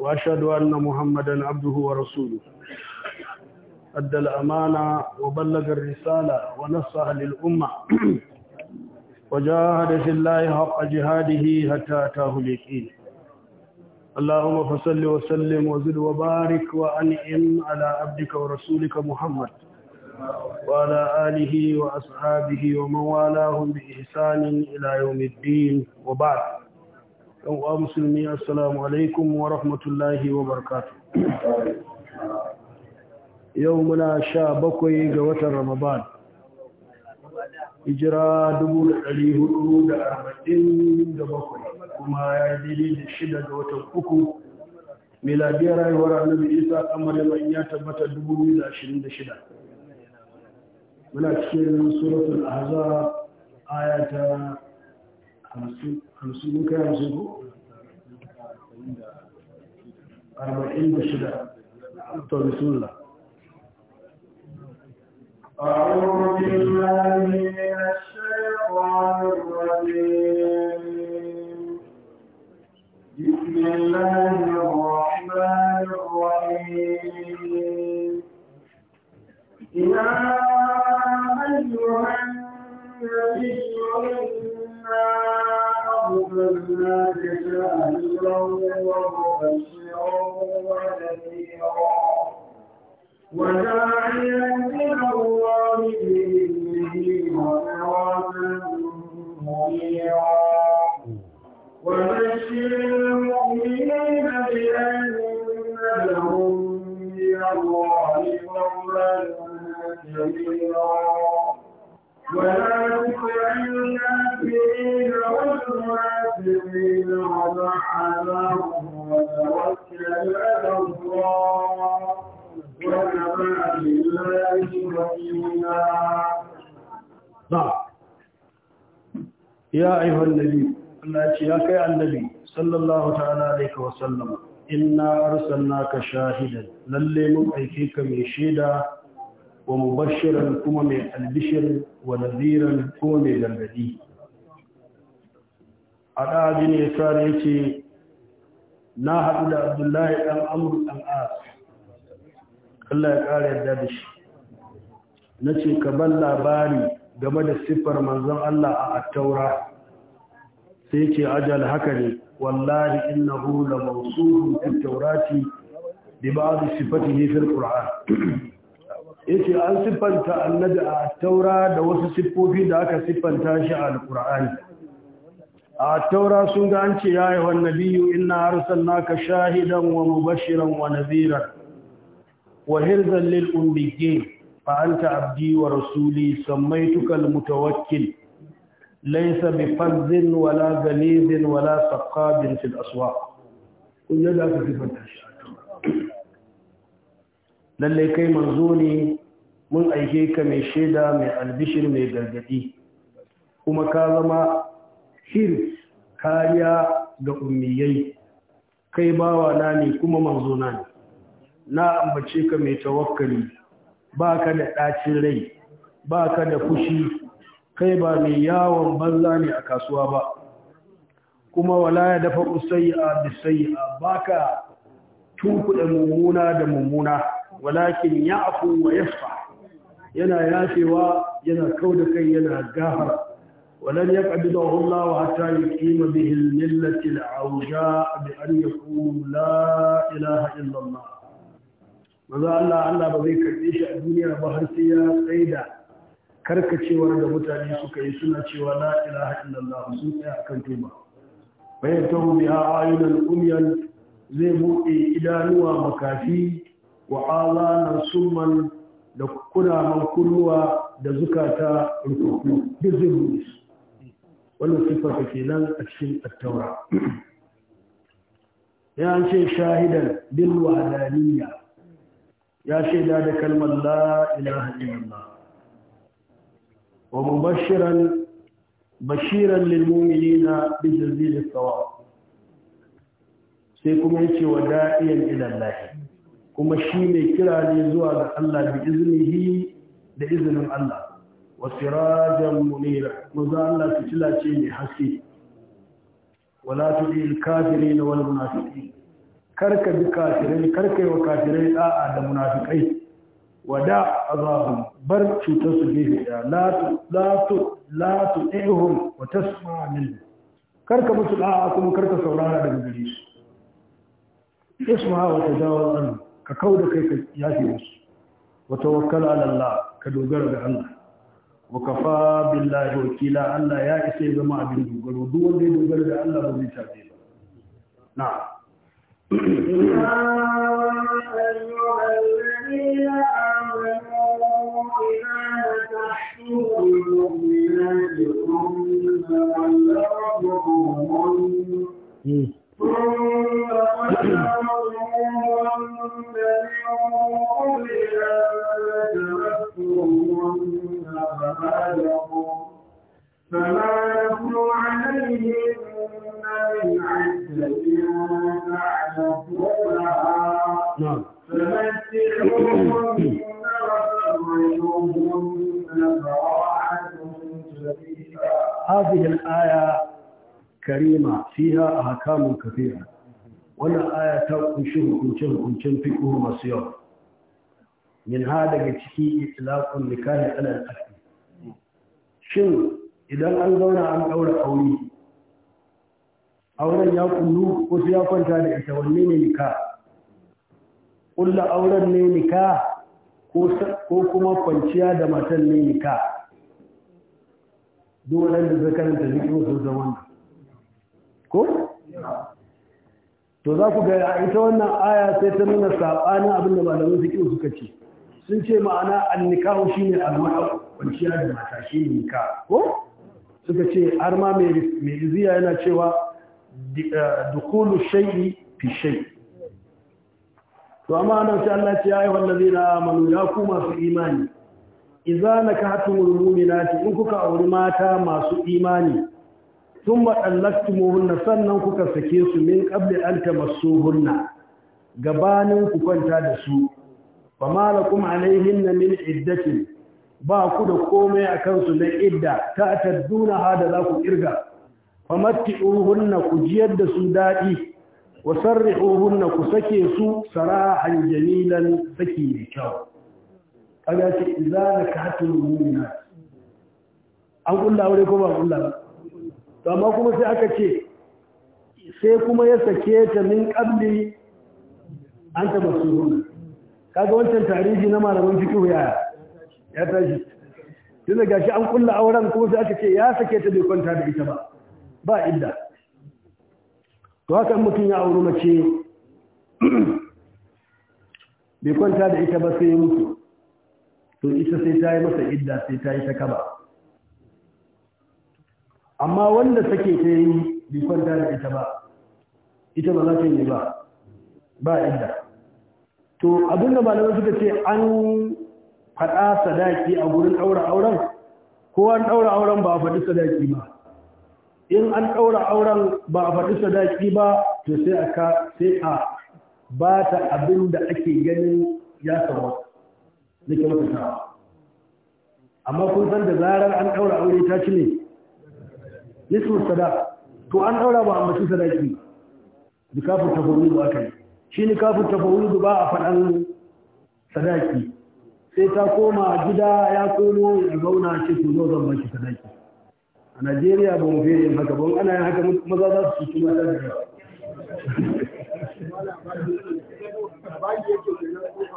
وأشهد أن محمدا عبده ورسوله أدى الأمانة وبلغ الرسالة ونصح للأمة وجاهد في الله حق جهاده حتى أتاه اليقين اللهم فصل وسلم وزد وبارك وأنعم على عبدك ورسولك محمد وعلى آله وأصحابه ومن والاهم بإحسان إلى يوم الدين وبعد yan uwa musulmi assalamu alaikum wa rahmatullahi wa barkatu yau muna sha bakwai ga watan ramadan hijira 447 kuma ya dili da shida ga watan uku miladiyar rayuwar annabi isa amarin ya tabbata shida? muna cikin suratul hazara, ayata hamsin kai hamsin ko? arba'in da shida to bisulla بسم الله الرحمن الرحيم يا أيها النبي Wọ́n láti fẹ́ ẹ̀yọ́ láti ẹ̀yọ́ ọdún wọn. الكافرين وما عذابهم وتوكل على الله وكفى بالله وكيلا يا أيها النبي الله يا كي النبي صلى الله تعالى عليه وسلم إنا أرسلناك شاهدا للي مبعيكيك من شيدا ومبشرا كما من البشر ونذيرا كما من البديه a Abin ya tsara na haɗu da abdullahi ɗan amur ɗan as Allah ya ƙara yadda da shi na ce ka ban labari game da siffar manzon Allah a attaura sai ce ajal haka ne wallahi innahu la mawsuufun fi tawrati bi ba'd sifatihi fi quran yace an siffanta annabi a taura da wasu siffofi da aka siffanta shi a alqur'ani a taura sun ga an ce nabiyu ina arsalnaka shahidan wa mubashiran wa nadhiran wa hirzan lil ummiyyin fa anta abdi wa rasuli sammaytuka al mutawakkil laysa bi fazzin wala galizin wala saqabin fil aswaq kun yadda aka fanta shi lallai kai manzo ne mun aike ka mai shaida mai albishir mai gargadi kuma ka zama hir kariya ga ummiyai kai bawa na ne kuma manzo na ne na ambace ka mai tawakkali ba ka da ɗacin rai ba ka da fushi kai ba mai yawon banza ne a kasuwa ba kuma wala ya dafa a bisayi a ba ka tunkuɗa mummuna da mummuna walakin ya afu wa yasfa yana yafewa yana kau da kai yana gahara ولن يقبضه الله حتى يقيم به الملة العوجاء بأن يقول لا إله إلا الله maza Allah Allah ba zai karɓe shi a duniya ba har sai ya tsaida karkacewar da mutane suka yi suna cewa la ilaha illallah sun tsaya akan tuba bayan ta hu biha ayunan zai buɗe idanuwa makafi wa azanan summan da kuraman kulluwa da zukata rukuku wannan siffar ta kenan a cikin attaura ya ce shahidan bil wahdaniya ya shaida da kalmar la ilaha illallah wa mubashiran bashiran lil mu'minina bi jazil thawab sai kuma yace wa da'iyan ila Allah kuma shi mai kira ne zuwa ga Allah bi iznihi da izinin Allah wa sirajan munira manzo Allah fitila ce mai haske wala tudil kafirin wal munafiqin karka bi kafirai karka wa kafirai da'a da munafikai wada azahum bar cutar su gefe da la tu la tu la tu ihum wa tasma min karka musu da'a kuma karka saurara daga gare su isma wa tajawaz an ka kauda kai ka yafe musu wa tawakkal ala Allah ka dogara ga Allah وكفى بالله وكيلا الله يا اسي جماعه بن دوغل ودول دي دوغل ده الله بن تشاديل نعم Thank hmm. you. فما لهم فما لهم عليهم من عدة تعرفونها فمتعوهن وفرحوهن فراحة جميلة هذه الآية كريمة فيها أحكام كثيرة wannan aya ta kunshi hukunce-hukuncen fiƙo masu yawa min ha daga ciki itlaqun nikahi ala al shin idan an zauna an daura aure auren ya kullu ko su ya kwanta da ita wanne ne nika ƙulla auren ne nika ko kuma kwanciya da matan ne nika duk waɗanda zai karanta zikin su zama ko? to za ku ga ita wannan aya sai ta nuna saɓanin abin da malamin zikin suka ce sun ce ma'ana annikahu shine al kwanciya da mata shi ne ka ko suka ce har ma mai iziya yana cewa eh, dukulu shaii fi shai? to amma nan sai Allah ya yi wallazi na amanu ya ku masu imani idza nakahatumul mu'minati in kuka auri mata masu imani thumma dallaqtumuhunna sannan kuka sake su min qabli an tamassuhunna gabanin ku kwanta da su fama lakum alaihinna min iddatin ba ku da komai a kansu na idda ta tadduna ha da za ku kirga famatti'uhunna ku jiyar da su daɗi wa sarri'uhunna ku sake su sarahan jamilan saki mai kyau kaga ce idza zakatul mu'mina an kulla aure ko ba kulla ba to amma kuma sai aka ce sai kuma ya sake ta min qabli an tabassuhunna kaga wancan tarihi na malaman fikihu yaya ya tashi tunda gashi an kulla auren kuma sai aka ce ya sake ta bai kwanta da ita ba ba illa. to haka mutum ya auri mace bai kwanta da ita ba sai ya mutu to ita sai ta yi masa idda sai ta yi ta kaba amma wanda take ta yi bai kwanta da ita ba ita ba za ta yi ba ba illa. to abinda malamai suka ce an faɗa sadaki a gurin ɗaura auren ko an ɗaura auren ba a faɗi sadaki ba in an ɗaura auren ba a faɗi sadaki ba to sai a ka sai a ba ta abin da ake ganin ya samu da ke mutatawa amma kun san da zarar an ɗaura aure ta ci ne nisbin sadaka to an ɗaura ba a mutu sadaki Ni kafin tafawidu aka kai shi ni kafin tafawidu ba a faɗan sadaki sai ta koma gida ya komo ya zauna shi ku zo zan baki sadaki a najeriya ba mu fere yin haka ba ana yin haka maza za su ci mata da yawa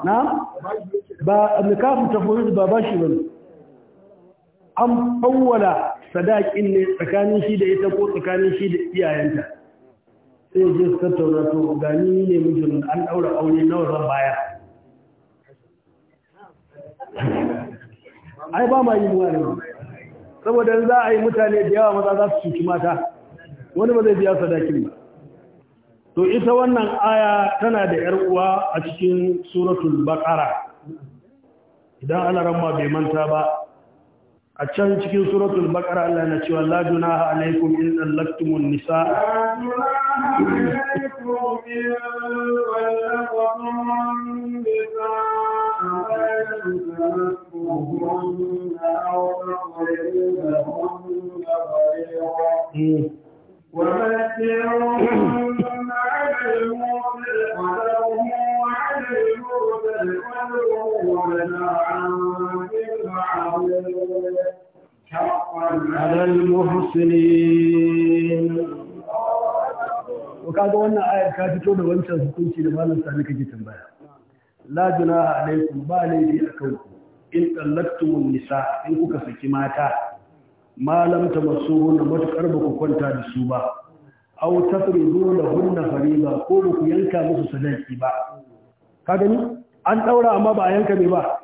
na ba nikafin tafiye ba ba shi bane an fawwala sadakin ne tsakanin shi da ita ko tsakanin shi da iyayenta sai je su tattauna to gani ne mijin an daura aure nawa zan baya ai ba ma yi ruwa ne saboda za a yi mutane da yawa maza za su cuci mata wani ba zai biya sadakin ba to ita wannan aya tana da yar uwa a cikin suratul baqara idan ana ramma bai manta ba a can cikin suratul baqara Allah na cewa la junaha alaikum in allaktumun nisa alaikum in Wa kaga wannan ayar ka fito da wancan hukunci da malam sani kake tambaya. la junaha alaikum ba laifi a kanku in tallaktumun nisa in kuka saki mata malam ta masu hunna matukar ba kwanta da su ba au tafridu da hunna ba ko ba ku yanka musu sadaki ba ka gani an daura amma ba a yanka ne ba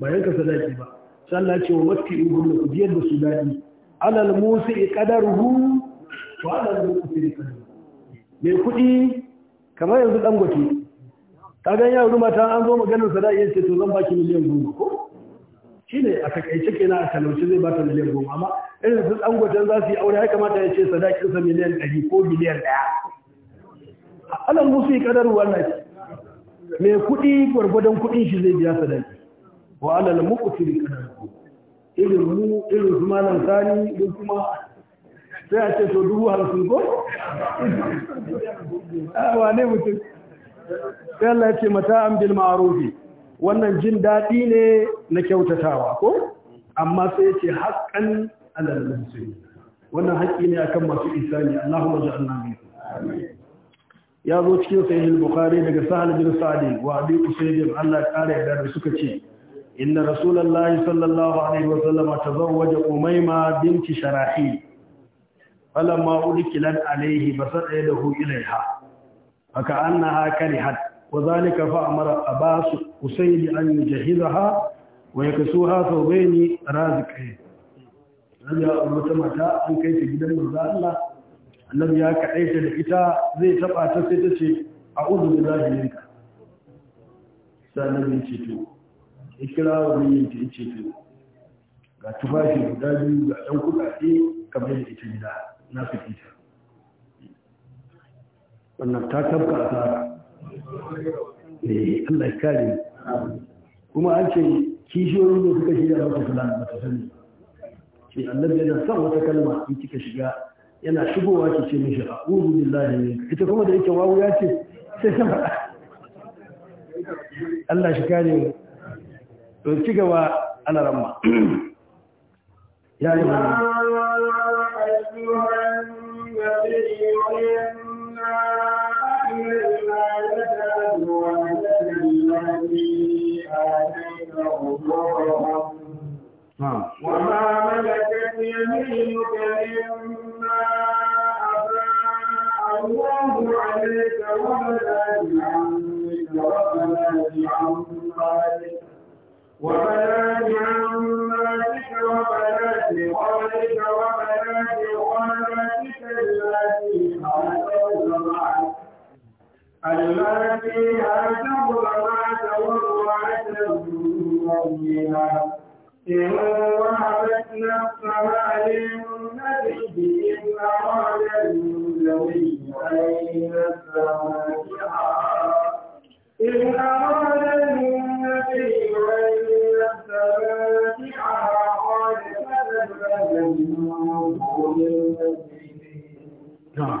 ba yanka sadaki ba sallah ce wa mafi ihun ku biyar da su dadi alal musi qadaruhu wa alal muqtir qadaruhu Me kudi kamar yanzu dangote kaga ya rumata an zo maganar da iya ce to zan baki miliyan goma ko shi ne a takaice kenan a talauci zai bata miliyan goma amma irin su tsangwacen za su yi aure ya kamata ya ce sadakinsa miliyan ɗari ko miliyan ɗaya alam musu yi kadar wannan mai kuɗi gwargwadon kuɗin shi zai biya sadaki wa alal muqtil kadar irin mu irin su malam sani mu kuma sai a ce to dubu hamsin ko a ah, wane mutum sai Allah ya ce mata'an bil ma'rufi wannan jin daɗi ne na kyautatawa ko amma sai ya ce haqqan alal muslimin wannan haƙƙi ne akan masu isani Allahumma ja'alna minhum ya zo cikin sahih bukhari daga sahal bin sa'd wa abi usayd Allah kare da suka ce inna rasulullahi sallallahu alaihi wa sallam tazawwaja umayma binti sharahi falamma ulikilat alaihi basada yadahu ilaiha aka annaha karihat wa zalika fa amara kusai usayli an jahila yujahizaha wa yaksuha thawbaini yi raja wata mata an kai ta gidan manzo Allah annabi ya kaɗaita da ita zai taɓa ta sai ta ce a a'udhu billahi minka sai annabi ya ce to ikira wa min ta ce to ga tufafi guda biyu ga ɗan kuɗaɗe kamar da ita gida na fi fitita wannan ta tabka tsara eh Allah ya kare kuma an ce kishiyoyi ne suka shiga mata fulani ba ta sani ce annabi yana son wata kalma in kika shiga yana shigowa ki ce mishi a'udhu billahi min ita kuma da yake wawu ya ce sai sama Allah shi kare mu to ci gaba ana ramma ya yi mana أجورهم نعم. وما ملكت يمينك مما أفاء الله عليك وبنات عمك وبنات عماتك وبنات عماتك وبنات خالك التي أتبر ما تورعت لأمها إن وهبت نفسها للنبي إن أراد النبي أن يستمتعها إن أراد النبي أن يستمتعها قال فتبلغ من دون المسجد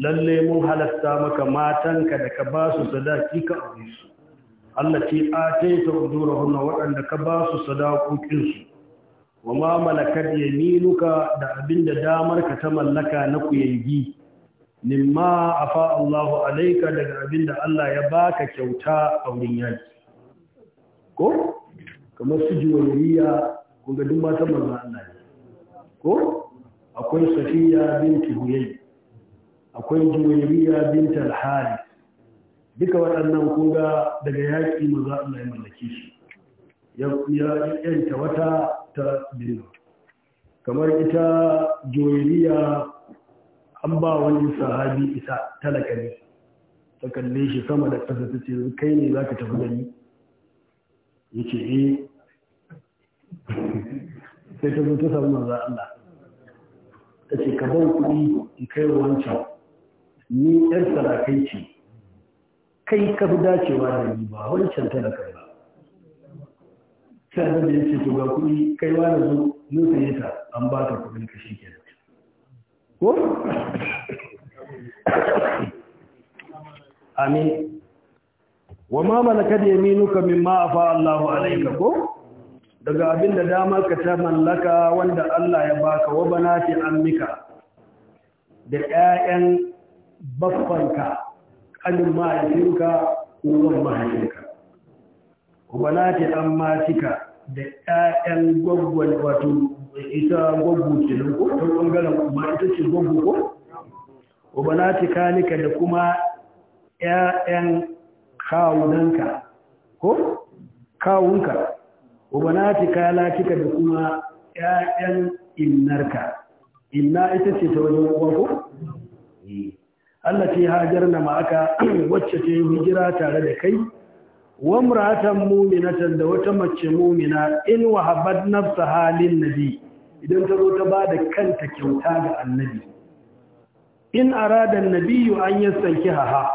lalle mun halasta maka matanka da ka ba su sadaki ka aure su Allah ce ataita ujurahunna waɗanda ka ba su sadakokin su wa ma malakat yaminuka da abinda damar ka ta mallaka na kuyangi nimma afa Allahu alaika daga abinda Allah ya baka kyauta a wurin yaki ko kamar su jiwariya kun ga duk matan manzo Allah ne ko akwai Safiya binti huyayi akwai juwairiya Binta al-harith duka waɗannan kunga daga yaƙi maza Allah ya mallake shi ya yanta wata ta dinna kamar ita juwairiya an ba wani sahabi isa talaka ne ta kalle shi sama da ƙasa ta ce kai ne za ka tafi da ni ya ce eh sai ta zo ta samu maza Allah ta ce ka ban kuɗi in kai wancan ni yar sarakai ce kai ka fi dacewa da ni ba wancan kai ba sai da ya ce to ga kuɗi kai wa da zo mun sai ta an ba ka kuɗin ka shi kenan ko amin wa ma malakat yaminuka mimma afa Allahu alayka ko daga abin da dama ka ta mallaka wanda Allah ya baka wa banati ammika da ƴaƴan baffanka ƙanin mahaifinka ko wani na wala ta ammatika da ƴaƴan gwaggwani wato ita gwaggu ke nan ko ta ɓangaren kuma ita ce gwaggu ko na ce kanika da kuma ƴaƴan kawunanka ko kawunka wala ta kalatika da kuma ƴaƴan innarka inna ita ce ta wajen uwa ko Allah ce hajar na ma'aka wacce ta yi hijira tare da kai wa muratan muminatan da wata mace mumina in wahabbat nafsa halin nabi idan ta zo ta ba da kanta kyauta ga annabi in arada nabiyu an yastanki haha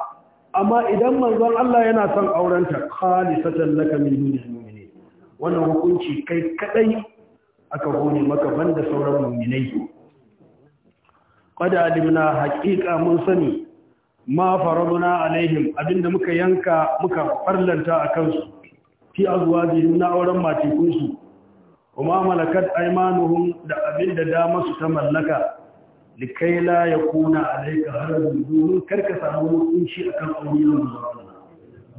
amma idan manzon Allah yana son aurenta khalisatan laka min dunil mu'minin wannan hukunci kai kadai aka gone maka banda sauran mu'minai qad alimna haqiqa mun sani ma faraduna alaihim abinda muka yanka muka farlanta akan su fi azwajihim na auren matikun su kuma malakat aymanuhum da abinda dama su ta mallaka likai la yakuna alayka harajun domin karka samu mutunci akan auren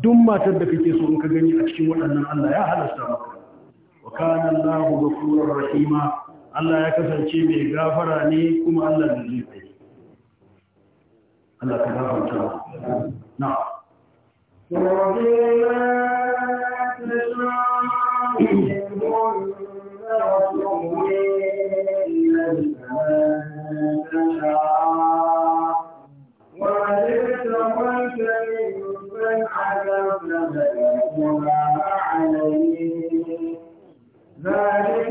duk matar da kake so in ka gani a cikin waɗannan Allah ya halasta maka wa kana Allahu ghafurur rahima Allah ya kasance mai gafara ne kuma Allah da zai tsaye Allah ka gafarta na ذلك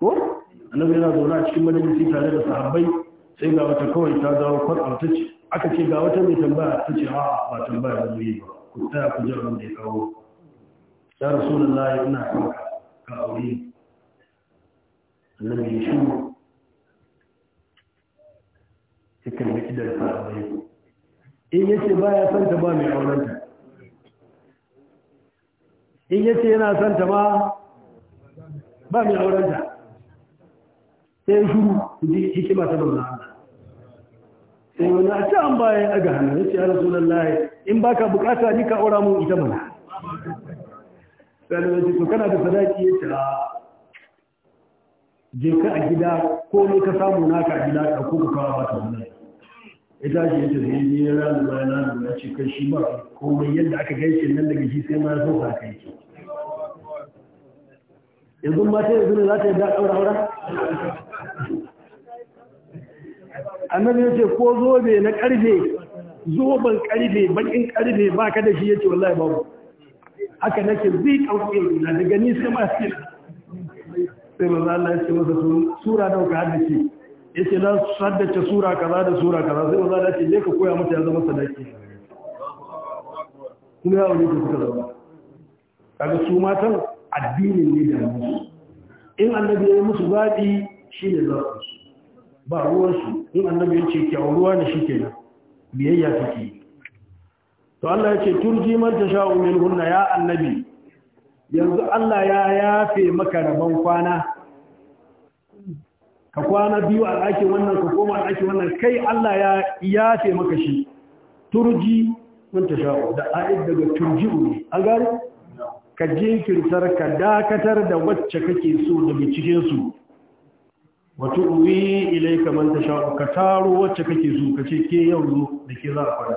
ko annabi yana zaune a cikin majalisi tare da sahabbai sai ga wata kawai ta dawo kwar ta ce aka ce ga wata mai tambaya ta ce a ba tambaya da zuyi ba ku tsaya ku ji abin da ya kawo ya yi ina kan ka aure annabi ya shi ya kalli idan sahabbai in yace baya son ta ba mai aurenta in yace yana santa ta ma ba mai aurenta sai shuru ji hikima ta manzon sai wani a can bayan a ga hannu ya ce sunan layi. in baka bukata ni ka aura mun ita mana sai da kana da sadaki ya ce a je ka a gida ko ne ka samu naka a gida ka kuka kawo ba ta wannan ita ce yace sai ni ya rana ba na da ce kai shi ba komai yadda aka gaishe nan daga shi sai ma ya so sa kai yanzu mata yanzu ne za ta yi da aure aure annabi ya ce ko zobe na karfe zoben karfe bakin karfe ba ka da shi ya ce wallahi babu haka nake zai kauke na daga ni sai ma sai sai manzo Allah ya ce masa sura da ka haddace yace na saddace sura kaza da sura kaza sai manzo Allah ya ce ka koya mata ya zama sadaki kuma ya wuri da suka zama kaga su matan addinin ne da musu in annabi ya yi musu zaɓi shi ne zaɓi ba ruwansu in annabi ya ce kyau ruwa ne shi kenan biyayya take to Allah ya ce turji man tasha'u minhunna ya annabi yanzu Allah ya yafe maka rabon kwana ka kwana biyu a ɗakin wannan ka koma a ɗakin wannan kai Allah ya yafe maka shi turji man tasha'u da a'id daga turji'u ne an gane ka jinkirtar ka dakatar da wacce kake so daga cikin su wato uwi ilai kamar ta sha ka taro wacce kake so ka ce ke yau zo da ke za a fara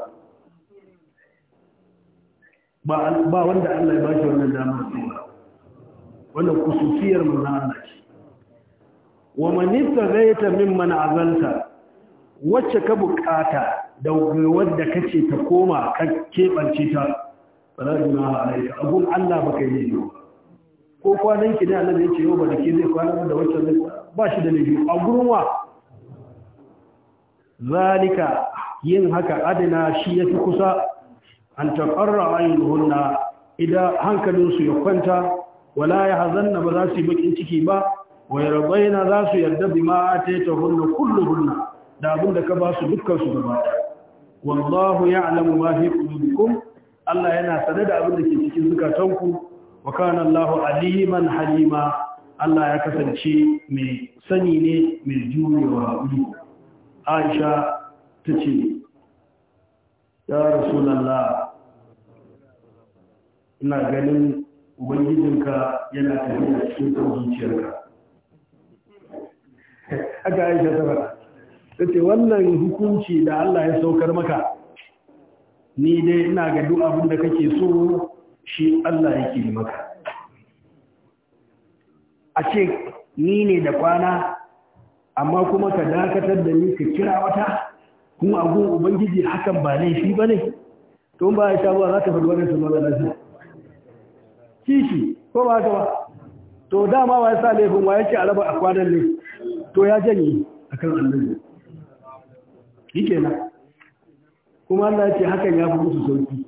ba wanda Allah ya bashi wannan damar tsawa wannan kusurciyar mu na Allah ce wa manista zai ta mana azalta wacce ka bukata da wadda kace ta koma ka keɓance ta farajuna alaika abun Allah baka yi ne ko kwanan ki ne Allah ya ce yau ba da ke zai kwanan da wacce zai kwana ba shi da laifi a gurin wa zalika yin haka adana shi yafi kusa an taqarra ayyuhunna idan hankalinsu ya kwanta wala ya hazanna ba za su yi bakin ciki ba Wai rabaina za su yarda bima ta kulluhunna da abin da ka ba su dukkan su gaba wallahu ya'lamu ma fi qulubikum Allah yana sane da abin da ke cikin zukatanku wa kana Allahu aliman halima Allah ya kasance mai sani ne mai jurewa haɗu aisha ta ce ya rasulallah ina ganin ubangijinka yana tafiya cikin zuciyarka haka aisha ta fara ta ce wannan hukunci da Allah ya saukar maka ni dai ina ga duk abin da kake so shi Allah yake maka a ce ni ne da kwana amma kuma ka dakatar da ni ka kira wata kuma a gun ubangiji hakan ba laifi ba ne to ba ya shabuwa za ta faɗi wannan sama da shi shi ko ba haka ba to dama wa ya sa laifin wa yake ce a raba a kwanan ne to ya janye a kan annabi shi kenan kuma Allah ya ce hakan ya fi musu sauki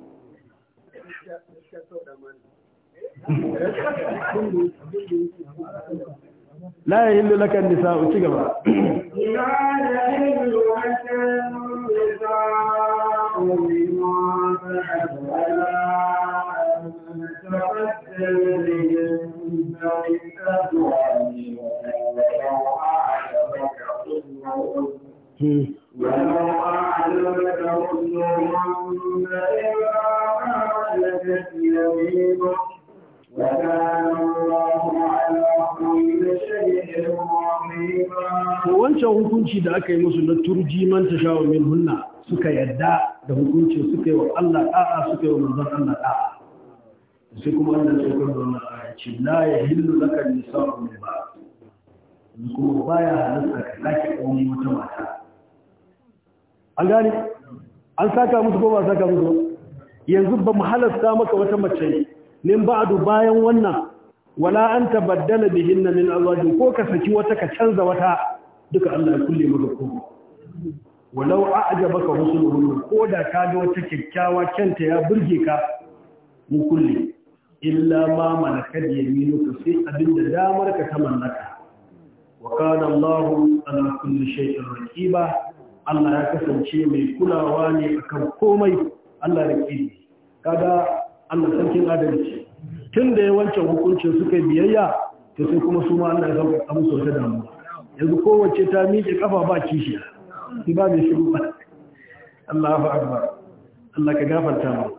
la yahillu laka nisa'u ci gaba ولو أعلمك الله من wancan hukunci da aka yi musu na turji man ta sha min hunna suka yadda da hukunci suka yi wa Allah da'a suka yi wa manzon Allah da'a sai kuma Allah ya kawo wannan aya ce la hillu laka nisa'u min ba kuma baya halatta ka sake aure wata mata an gane an saka musu ko ba saka musu yanzu ba mu halatta maka wata mace min ba'du bayan wannan wala an tabaddala bihinna min azwajin ko ka saki wata ka canza wata duka Allah ya kulle maka ko walau a'jabaka husnuhum ko da ka ga wata kyakkyawa kanta ya burge ka mu kulle illa ma malakat yaminuka sai abinda damar ka ta mallaka wa kana Allah ala kulli shay'in raqiba Allah ya kasance mai kulawa ne akan komai Allah ya kidi kaga Allah sarkin adalci tun da yawancin hukuncin suka biyayya ta sai kuma su ma Allah ya sauka abu sosai da mu yanzu kowace ta miƙe kafa ba kishiya ki ba mai shiru ba Allah fa akbar Allah ka gafarta ba.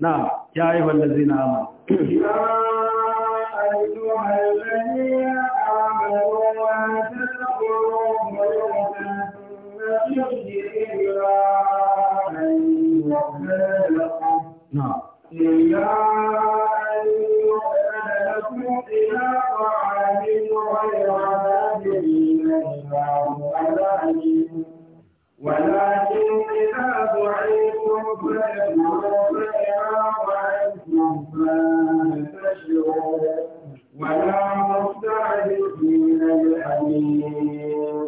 na ya yi ladzina zai na ayyuhal No. لما أن لكم إلى طعام غير عذاب الله ألعين ولكن إذا دعيتم فلما فإعاق عنكم فانتشروا ولا مستعجلين بالحديث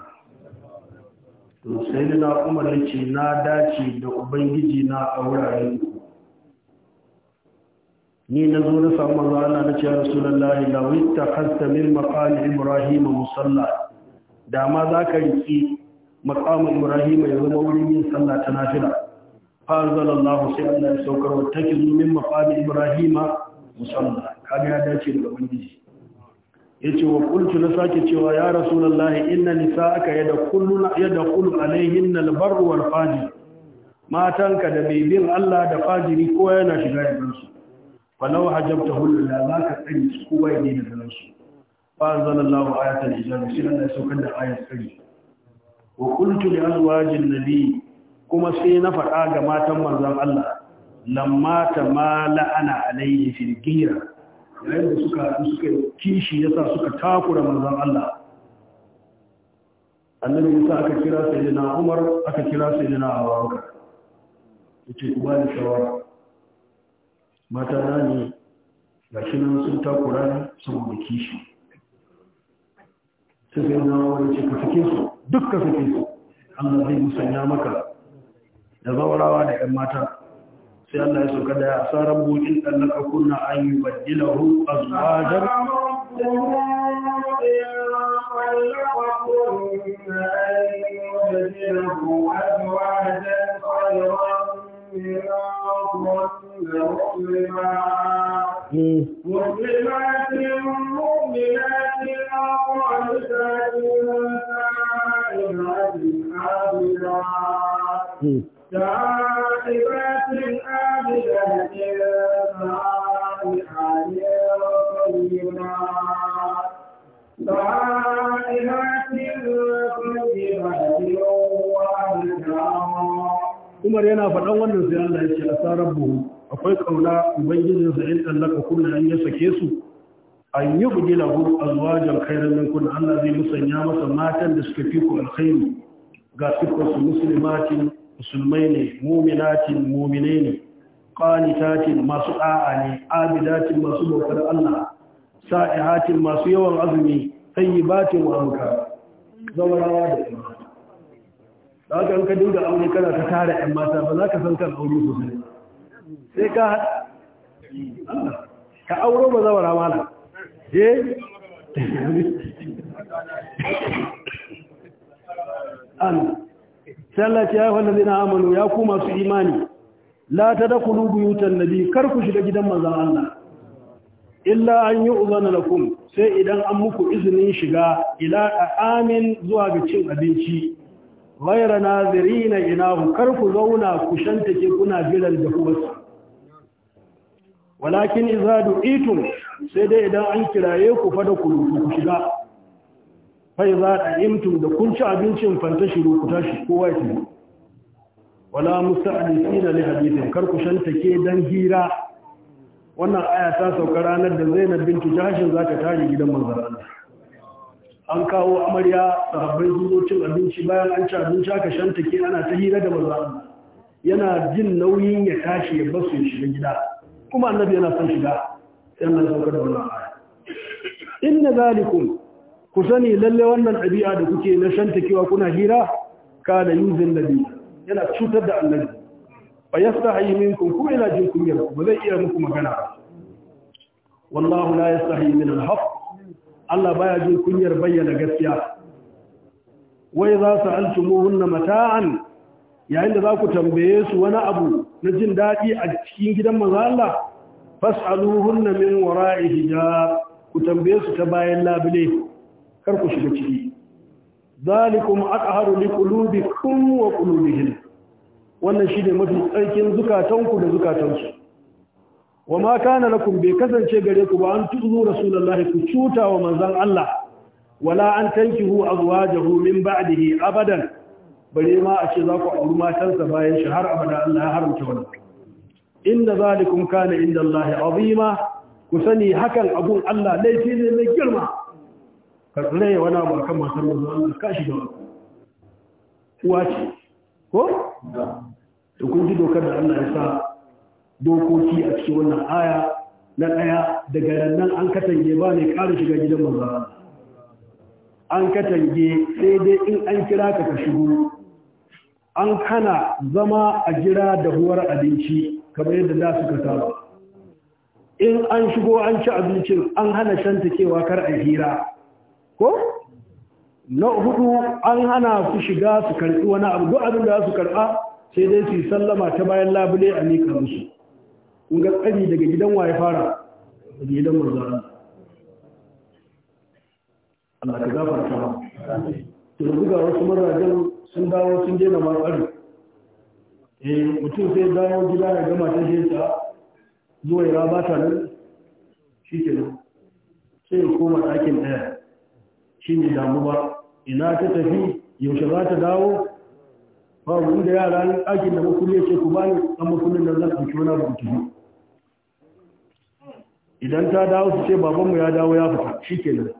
to sai na umar ce na dace da ubangiji na a wuraren ni na zo na samu manzo Allah na ce ya rasulullahi witta khasta min maqami ibrahim musalla da ma zaka riki maqami ibrahim ya zama wurin yin sallah ta nafila fa zalallahu sai Allah ya saukar wa take min maqami ibrahim musalla kaga ya dace da ubangiji yace wa qultu na sake cewa ya rasulullahi inna nisa'aka yadkhuluna yadkhulu alayhinna albar wal fajir matanka da mai bin Allah da fajiri ko yana shiga yakin su falau hajabtahu la zaka tsani su ko bai ne da zalansu fa anzalallahu ayatan hijab shi Allah ya saukar da ayat tsari wa qultu li azwajin nabi kuma sai na faɗa ga matan manzon Allah lamma ta mala ana alayhi fil gira yayin da suka haɗu suka kishi yasa suka takura manzon Allah annabi Musa aka kira sayyidina Umar aka kira sayyidina Abubakar yace ku bani shawara mata na ne gashi nan sun takura ne sun kishi sai sai na wani ce ka sake su duk ka sake su Allah zai musanya maka da zaurawa da 'yan mata sai Allah ya sauka da ya sa rabu in ɗallaka kunna an yi baddila hu a zuwajar مسلمات مؤمنات أقوالات سائرات عابدات تائبات Umar yana faɗan wannan sai Allah ya ce a tsarar buhu akwai ƙauna ubangijinsa in ka kunna an ya sake su an yi buɗe lagu azwajan khairan min Allah zai musanya masa matan da suka fi ku alkhairu ga sifar musulmatin musulmai ne muminatin muminai ne qanitatin masu da'a ne abidatin masu dokar Allah sa'ihatin masu yawan azumi tayyibatin wa amka zawarawa da kuma da haka an ka dinga aure kana ta tare ƴan mata ba za ka san kan aure sosai sai ka ka aure ba zawara mana je an sallaci ya wanda zina amalu ya ku masu imani la tadkhulu buyutan nabi kar ku shiga gidan manzon Allah illa an yi uzana na kun, sai idan an muku izinin shiga ila amin zuwa ga cin abinci ghayra nazirina inahu kar ku zauna ku ke kuna jiran da su. walakin idza du'itum sai dai idan an kiraye ku fa da ku shiga fa idza da'imtum da kun ci abincin fanta shi, ku tashi kowa ya wala musta'nisina li hadithin kar ku shantake dan hira wannan aya ta sauka ranar da Zainab bintu Jahshin za ta tare gidan manzon an kawo amarya sahabbai zuwa cin abinci bayan an ci abinci aka shantake ana ta hira da manzon yana jin nauyin ya tashi ya basu ya shiga gida kuma annabi yana son shiga sai Allah saukar da wannan aya inna zalikum ku sani lalle wannan ɗabi'a da kuke na shantakewa kuna hira ka da yuzin nabi yana cutar da annabi fa yastahi minkum kuma yana jin kunya ba zai iya muku magana ba wallahu la yastahi min al-haq Allah baya jin kunyar bayyana gaskiya wai za su altumuhunna mata'an yayin da za ku tambaye su wani abu na jin daɗi a cikin gidan manzo Allah fas'aluhunna min wara'i hijab ku tambaye su ta bayan labule kar ku shiga ciki zalikum aqharu liqulubikum wa wannan shine mafi tsarkin zukatanku da zukatansu wa ma kana lakum bai kasance gare ku ba an tuzu rasulullahi ku cuta wa manzon Allah wala an tankihu azwajahu min ba'dihi abadan bare ma a ce za ku auri matansa bayan shi har abada Allah ya haramta wannan inda zalikum kana inda Allah azima ku sani hakan abun Allah laifi ne mai girma ka tsire wani abu a kan matar manzo Allah ka kashi da uwa ce ko da kun ji dokar da Allah ya sa dokoki a cikin wannan aya na ɗaya daga rannan an katange ba ne ƙara shiga gidan maza an katange sai dai in an kira ka ka shigo an kana zama a jira da huwar abinci kamar yadda za su kasa in an shigo an ci abincin an hana shanta cewa kar a hira ko na hudu an hana su shiga su karbi wani abu duk abin da su karba sai dai su sallama ta bayan labule a mika musu kun ga tsari daga gidan waye fara daga gidan manzara Allah ka gafarta ba to buga wasu marajan sun dawo sun je na matsari eh mutum sai dawo gida ya gama ta ta zuwa ya ba ta nan shi nan sai ya koma ɗakin ɗaya shi ne damuwa ina ta tafi yaushe za ta dawo babu inda yara ne ɗakin da makulle ce ku bani ɗan makullin da zan ɗauki wani abu tafi idan ta dawo su ce babanmu ya dawo ya fita shi ke nan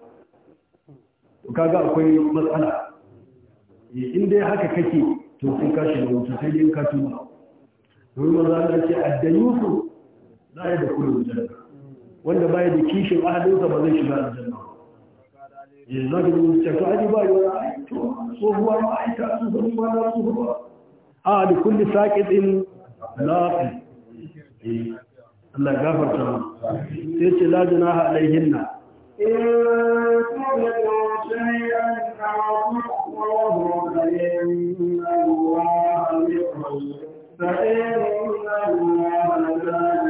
kaga akwai matsala eh, in dai haka kake to sai ka da wuta sai dai ka tuma domin maza na ce addayu su za a yi da kullum wanda baya da kishin ahalinsa ba zai shiga aljanna ba yanzu da rubuta to aji ba yi wani aito tsohuwa ma'aita sun zama ba na tsohuwa a da kulli saƙiɗin lafi Allah gafarta mu sai ce la junaha alaihinna فإن الله لا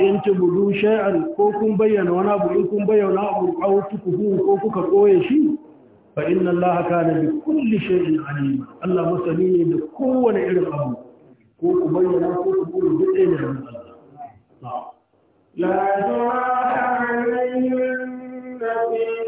in tubudu shay'an ko kun bayyana wani abu in kun bayyana abu aw kuhu ko kuka koye shi fa inna allaha kana bi kulli shay'in alim Allah masani ne da kowane irin abu ko ku bayyana ko ku koye duk ɗaya ne Allah la junaha alayhim fi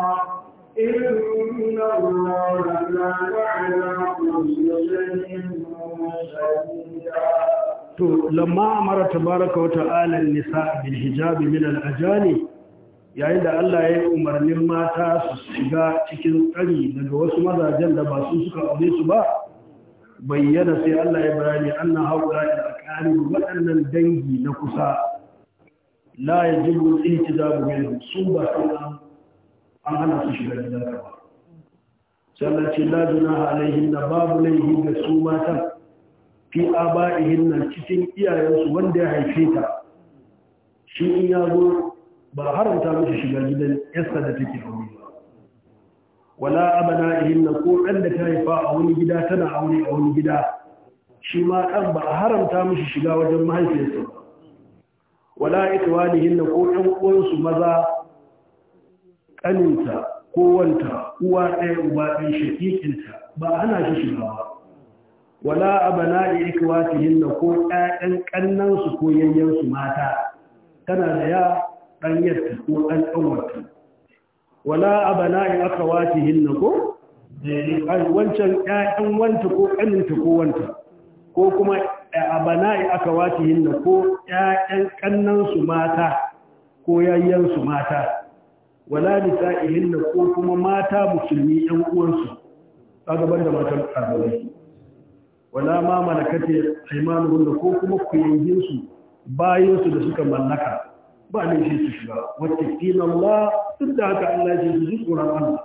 إن الله كان على كل شيء شهيدا to lamma amara tabaraka wata ta'ala nisa bil hijabi min al ajani yayin da Allah ya yi umarnin mata su shiga cikin tsari daga wasu mazajen da ba su suka aure su ba bayyana sai Allah ya bayani annan haƙura da akari waɗannan dangi na kusa la yajibu ihtijabu minhum su ba su an hana su shiga gidan ka Sannan ce la junaha na babu laihi ga su matan fi aba'ihin nan cikin iyayensu wanda ya haife ta shi in ya zo ba haramta mashi shiga gidan yasta da take aure ba wala abana'ihin nan ko ɗan da ta haifa a wani gida tana aure a wani gida shi ma ɗan ba a haramta mashi shiga wajen mahaifiyarsa ba wala ikwanihin hinna ko ɗan uwansu maza ƙaninta kowanta uwa ɗaya uba ɗin shaƙiƙinta ba ana shi shiga ba wala abana na ko ƴaƴan ƙannansu ko yayyansu mata tana da ya ɗanyarta ko ɗan ɗanwarta wala abana na ko eh, wancan ƴaƴan wanta ko ƙaninta ko wanta ko kuma abana na ko ƴaƴan ƙannansu mata ko yayyansu mata wala nisa'ihinna ko kuma mata musulmi yan uwansu kaga da matan kafirai wala ma malakati aymanuhun ko kuma kuyangin su da suka mallaka ba ne shi su shiga Wacce kila Allah duk da haka Allah su ji tsoron Allah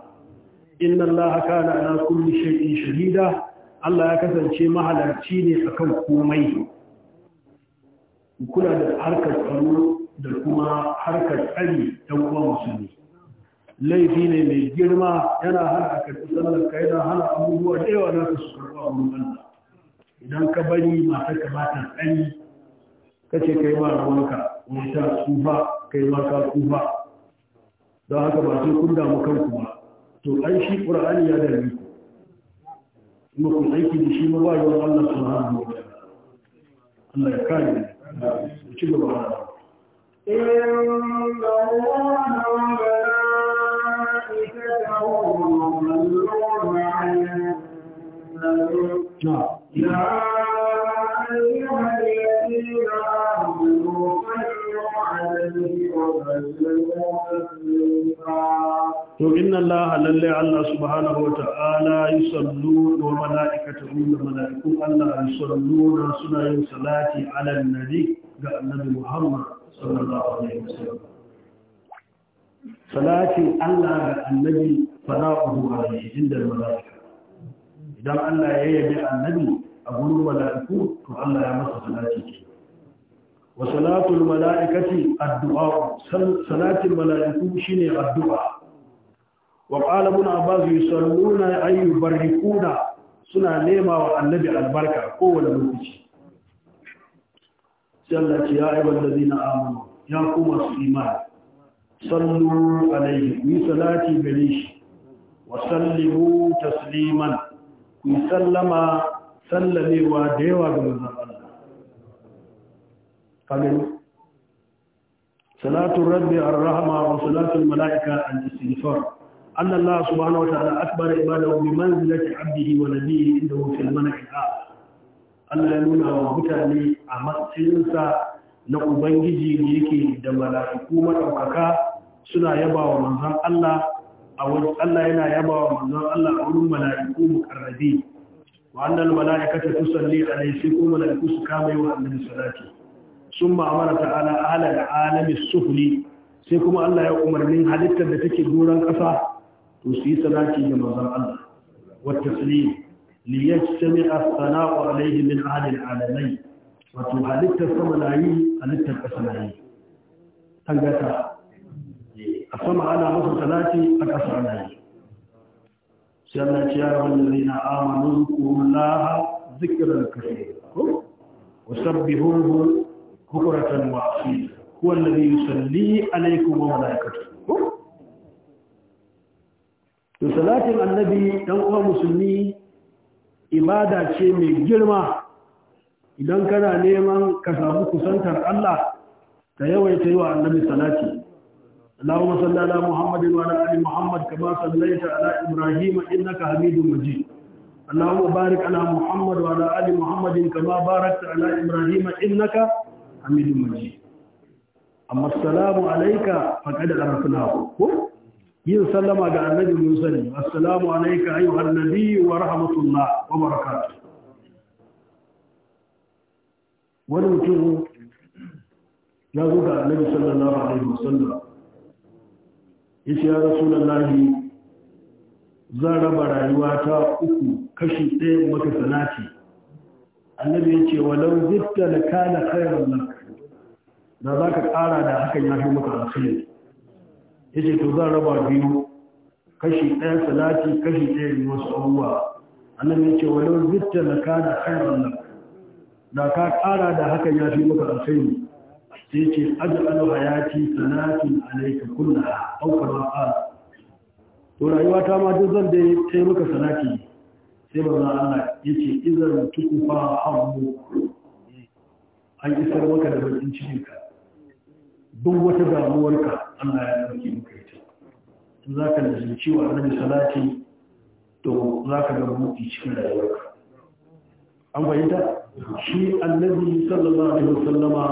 inna Allah na, ala kulli shay'in shahida Allah ya kasance mahalarci ne akan komai kula da harkar tsaro da kuma harkar tsari ta uwan musulmi laifi ne mai girma yana hana a karfi sallar ka yana hana abubuwa da yawa na su karɓa a wurin Allah idan ka bari mata ka ba ta tsani ka ce kai ma rawanka wata ta tsufa kai ma ka tsufa don haka ba sai kun damu kanku ba to an shi ƙur'ani ya dame ku kuma kun aiki da shi ma ba yawan Allah subhanahu Allah ya kare mu ci gaba da إن To inna Allah lalle Allah subhanahu wa ta'ala yi sallu wa mala'ikata da mala'ikun Allah yi sallu da suna yin salati ala nabi ga annabi Muhammad sallallahu alaihi wasallam. salatin Allah ga annabi sana'uhu alaihi inda malaika idan Allah ya yabi annabi a gurin mala'iku to Allah ya masa salati ke wa salatul mala'ikati addu'a salatin mala'iku shine addu'a wa qala ibn abbas yusalluna ay suna nema wa annabi albarka kowane lokaci sallaci Allah ya zai na amanu ya kuma su imani sallu alaihi yi salati gare shi wa sallimu tasliman ku sallama sallamewa da yawa ga manzan Allah kamilu rabbi ar-rahma wa salatun mala'ika an istighfar anna Allah subhanahu wa ta'ala akbar ibadahu bi manzilati 'abdihi wa nabiyyihi indahu fil malaika Allah ya nuna wa mutane a matsayinsa na ubangiji ne yake da mala'iku madaukaka suna yaba wa manzon Allah a wajen Allah yana yaba wa manzon Allah a wurin mala'iku mukarrabi wa annal mala'ikata tusalli alayhi sai kuma mala'iku su kama yi wa annabi salati summa amara ta'ala ala al'alami sufuri. sai kuma Allah ya umarnin halittar da take doron ƙasa to su yi salati ga manzon Allah wa taslim li yajtami'a sana'u alayhi min ahli al'alamin wato halittar sama na yi halittar ƙasa na yi an gata a sama ana masa talati a ƙasa na yi sai Allah ce ya rabu da zina amanu kullaha zikirar kashe ko wasabbihuhu bukuratan wa asila huwa alladhi salli alaykum wa malaikatuhu to salatin annabi dan uwa musulmi ibada ce mai girma idan kana neman ka samu kusantar Allah ka yawaita yi wa annabi salati Allahumma salli ala Muhammadin wa ala ali Muhammad kama sallaita ala Ibrahim innaka Hamidum Majid Allahumma barik ala Muhammad wa ala ali Muhammadin kama barakta ala Ibrahim innaka Hamidum Majid amma assalamu alayka faqad arafnahu ko yin sallama ga annabi Musa assalamu alayka ayyuhan nabiy wa rahmatullah wa barakatuh wani mutum ya zo ga annabi sallallahu alaihi wasallam yace ya rasulullahi zan raba rayuwa ta uku kashi ɗaya maka salati annabi ce walau zitta la kana khairan lak da za ka ƙara da hakan ya fi maka alkhairi yace to zan raba biyu kashi ɗaya salati kashi ɗaya wasu abubuwa annabi ce walau zitta la kana khairan lak da ka ƙara da hakan ya fi maka alkhairi sai ce aj'alu hayati sanatun alayka kullaha aw kama qala to rayuwa ta ma duk zan dai kai maka sanati sai manzo Allah yace idan tukufa hamu an isar maka da bakin cikin ka duk wata damuwarka Allah ya dauke maka ita to zaka da zuciwa annabi salati to zaka ga mutunci cikin rayuwarka an fahimta shi annabi sallallahu alaihi wasallama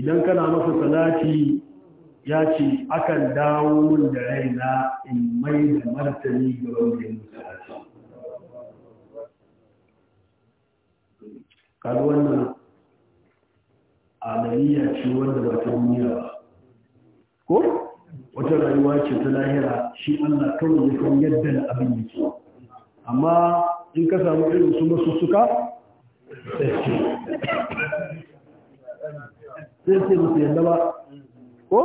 idan kana masa salati ya ce akan dawo mun da raina in mai da martani ga wanda ya salati kaga wannan amaliya ce wanda ba ta duniya ba ko wata rayuwa ce ta lahira shi Allah kawai ya san yadda abin yake amma in ka samu irin su masussuka sai sai musu yadda ba ko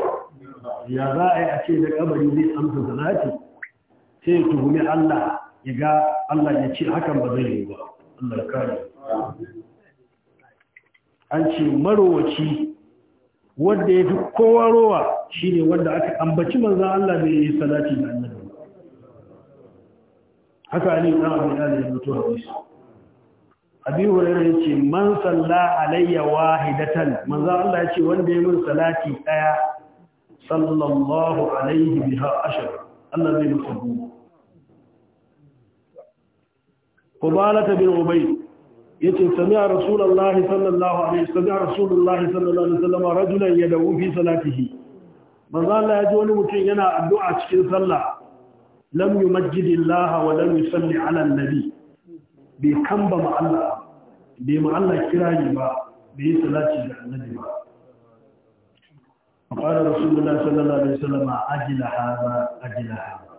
ya za a yi a ce da kabari zai amsa salati sai ya tuhumi Allah ya ga Allah ya ce hakan ba zai yi ba Allah kare an ce marowaci wanda ya fi kowa rowa shine wanda aka ambaci manzan Allah bai yi salati da annabi haka ne na abin da ya mutu hadisi abi hurairah yace man salla alayya wahidatan manzo Allah ce wanda ya min salati daya sallallahu alaihi biha ashar Allah zai masa goma قبالة بن عبيد yace sami'a rasulullahi sallallahu alaihi sami'a rasulullahi sallallahu alaihi wasallam rajulan yad'u fi salatihi manzo Allah ya ji wani mutum yana addu'a cikin sallah lam yumajjidillah wa lam yusalli ala nabi bai kamba ma Allah bai ma Allah kirari ba bai yi salati da annabi ba fara rasulullah sallallahu alaihi wasallam ajila hada ajila hada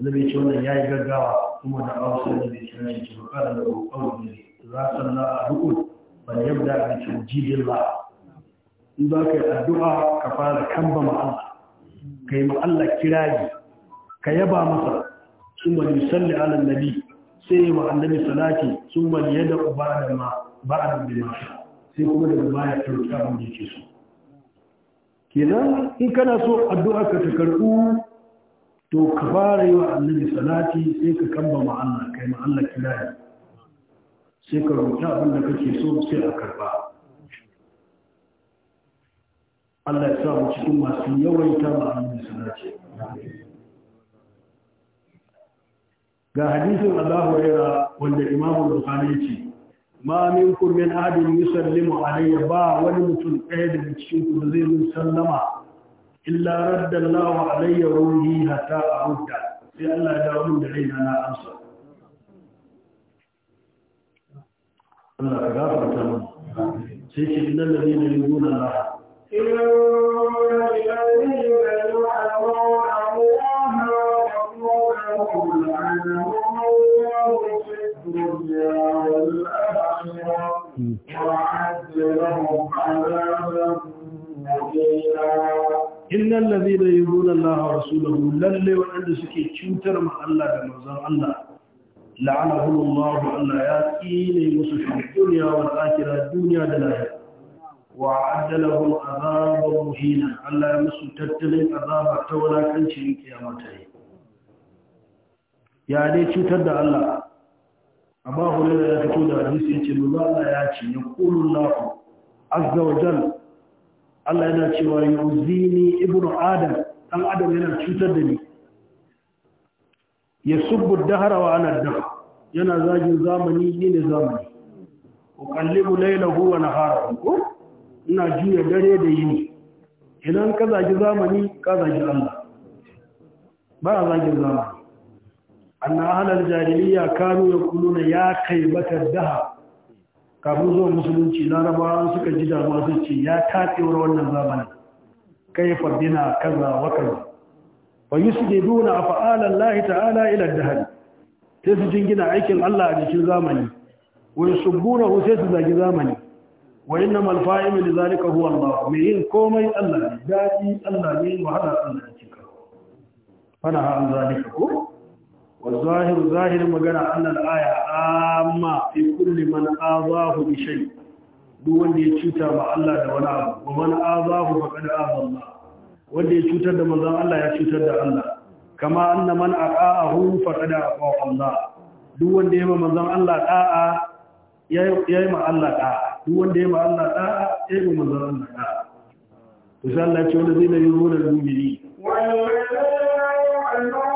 annabi ce wannan yayi gaggawa kuma da ausa da bai kira shi ba kada da kokon za salla a rukun ban yabda bi tawjidillah in za ka yi addu'a ka fara kamba ma Allah kai ma Allah kirari ka yaba masa kuma yusalli ala nabi sai wa annabi salati sun baliye da ubada ma ba'ad da ma sai kuma daga baya ta roƙi abin da yake so kenan in kana so addu'a ka ta karɓu to ka fara yi wa annabi salati sai ka kamba ma Allah kai ma Allah sai ka roƙi abin da kake so sai a karba. Allah ya sa mu cikin masu yawaita ma annabi salati ga hadisin Allahu ya wanda Imam Bukhari ce ma kurmin min ahadin yusallimu alayya ba wani mutum ɗaya daga cikin ku zai yi sallama illa radda Allahu alayya ruhi hatta a'udda sai Allah ya dawo min da raina na amsa Allah ka gafarta mu sai ce innal ladina yu'minuna Allah إِنَّ الَّذِينَ يُؤْمِنُونَ يقل عنه في الدنيا والآخرة وعد لهم عذابا مهينا innan lazi da yi runa Allah wa rasulahu lalle waɗanda suke cutar Allah da mazan Allah La'ana la'anahum Allah Allah ya tsine musu shi duniya wa akira duniya da lahira wa addalahum azabar muhina Allah ya musu tattalin azabar ta wadatancin in kiyama ta yi ya dai cutar da Allah amma da ya fito da hadisi ya ce lullu Allah ya ce ya kulu lafi azza wa jan Allah yana cewa ya uzini ibnu adam dan adam yana cutar da ni ya subbu dahara wa ana dahar yana zagin zamani ni ne zamani uqallibu Laila huwa naharahu ko ina juya dare da yini idan ka zagi zamani ka zagi Allah ba zagin zamani anna ahlal jahiliya kanu yaquluna ya kaibatar daha kafin zuwa musulunci larabawa suka ji da masu ce ya tatsewar wannan zamanin kai fardina kaza wa kaza fa a afa'alan lahi ta'ala da hali. sai su jingina aikin Allah a jikin zamani wa yusbuna sai su zagi zamani wa innama al-fa'im li zalika huwa Allah mai yin komai Allah ne daɗi Allah ne wahala Allah ne cika fana an zalika ko والظاهر magana مغرا ان الايه عام في كل من اعاذه بشيء دو wanda ya cuta ba Allah da wani abu wa man azahu faqad azalla wanda ya cutar da manzon Allah ya cutar da Allah kama anna man aqaahu faqad aqa Allah duk wanda ya ma manzon Allah da'a ya ya ma Allah da'a duk wanda ya ma Allah da'a ya ma manzon Allah da'a to sai Allah ya ce wanda zai yi wannan mu'mini wa la ya'lamu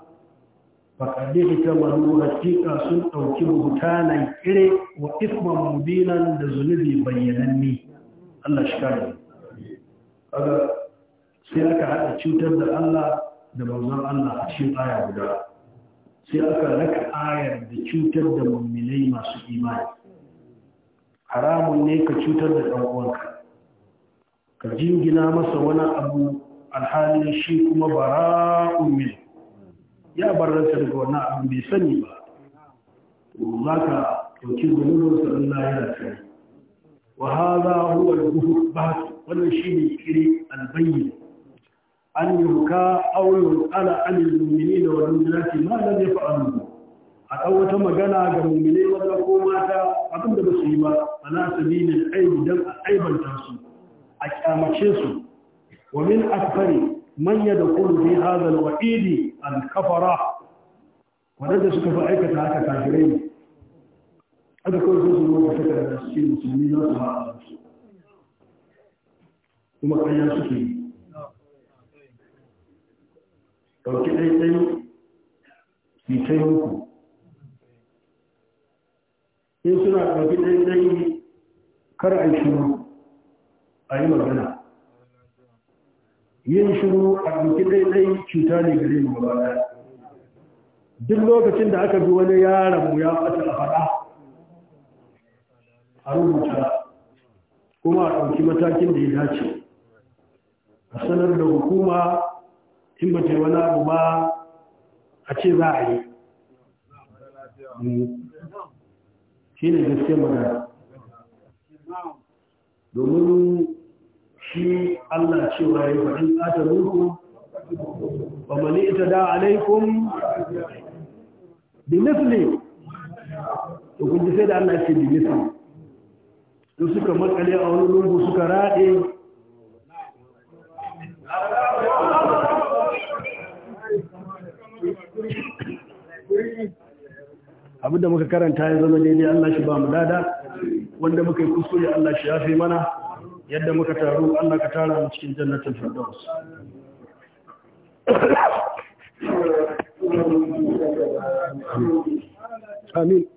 faƙaɗe ta wani hakika sun ɗauki buhutanan kire wa isman mubinan da zunubi bayyananni Allah shi kare kaga sai aka haɗa cutar da Allah da manzon Allah a cikin aya guda sai aka raka ayar da cutar da muminai masu imani haramun ne ka cutar da ɗan uwanka ka jingina masa wani abu alhalin shi kuma bara'un min ya barranta daga wannan abin bai sani ba to za ka ɗauki zunubin sa'an ya kai wa haza huwa al-buhur bahtu wannan ne kiri al-bayyin an yi aw yunqala ala al-mu'minina wa al-mu'minati ma lam yaf'alu a ɗau wata magana ga mummune wanda ko mata abinda ba su yi ba ala sabilin aibi dan a aibanta su a kyamace su wa min akfari من يدخل في هذا الوحيد الكفر ونجد سكفة عيكة هكا كافرين هذا كل جزء من فتاة المسلمين المسلمين وصحى ثم قيا سكين في تيوكو إن سنة توكي أي كرعي شنو أي مرغنا yin shiru a ɗauki ɗaiɗai cuta ne gare mu gaba ɗaya duk lokacin da aka bi wani yaron mu ya fata a faɗa a rubuta kuma a ɗauki matakin da ya dace a sanar da hukuma in ba ta yi wani abu ba a ce za a yi hmm. shi ne gaske magana domin shi Allah cewa yi wa ƙata ruhu ba mani ita da alaikum Da misli to kun ji sai da Allah ce bi su in suka makale a wani lungu suka raɗe abinda muka karanta ya zama daidai Allah shi ba mu dada wanda muka yi kuskure Allah shi ya fi mana yadda muka taru Allah ka tara mu cikin jannatin firdaus amin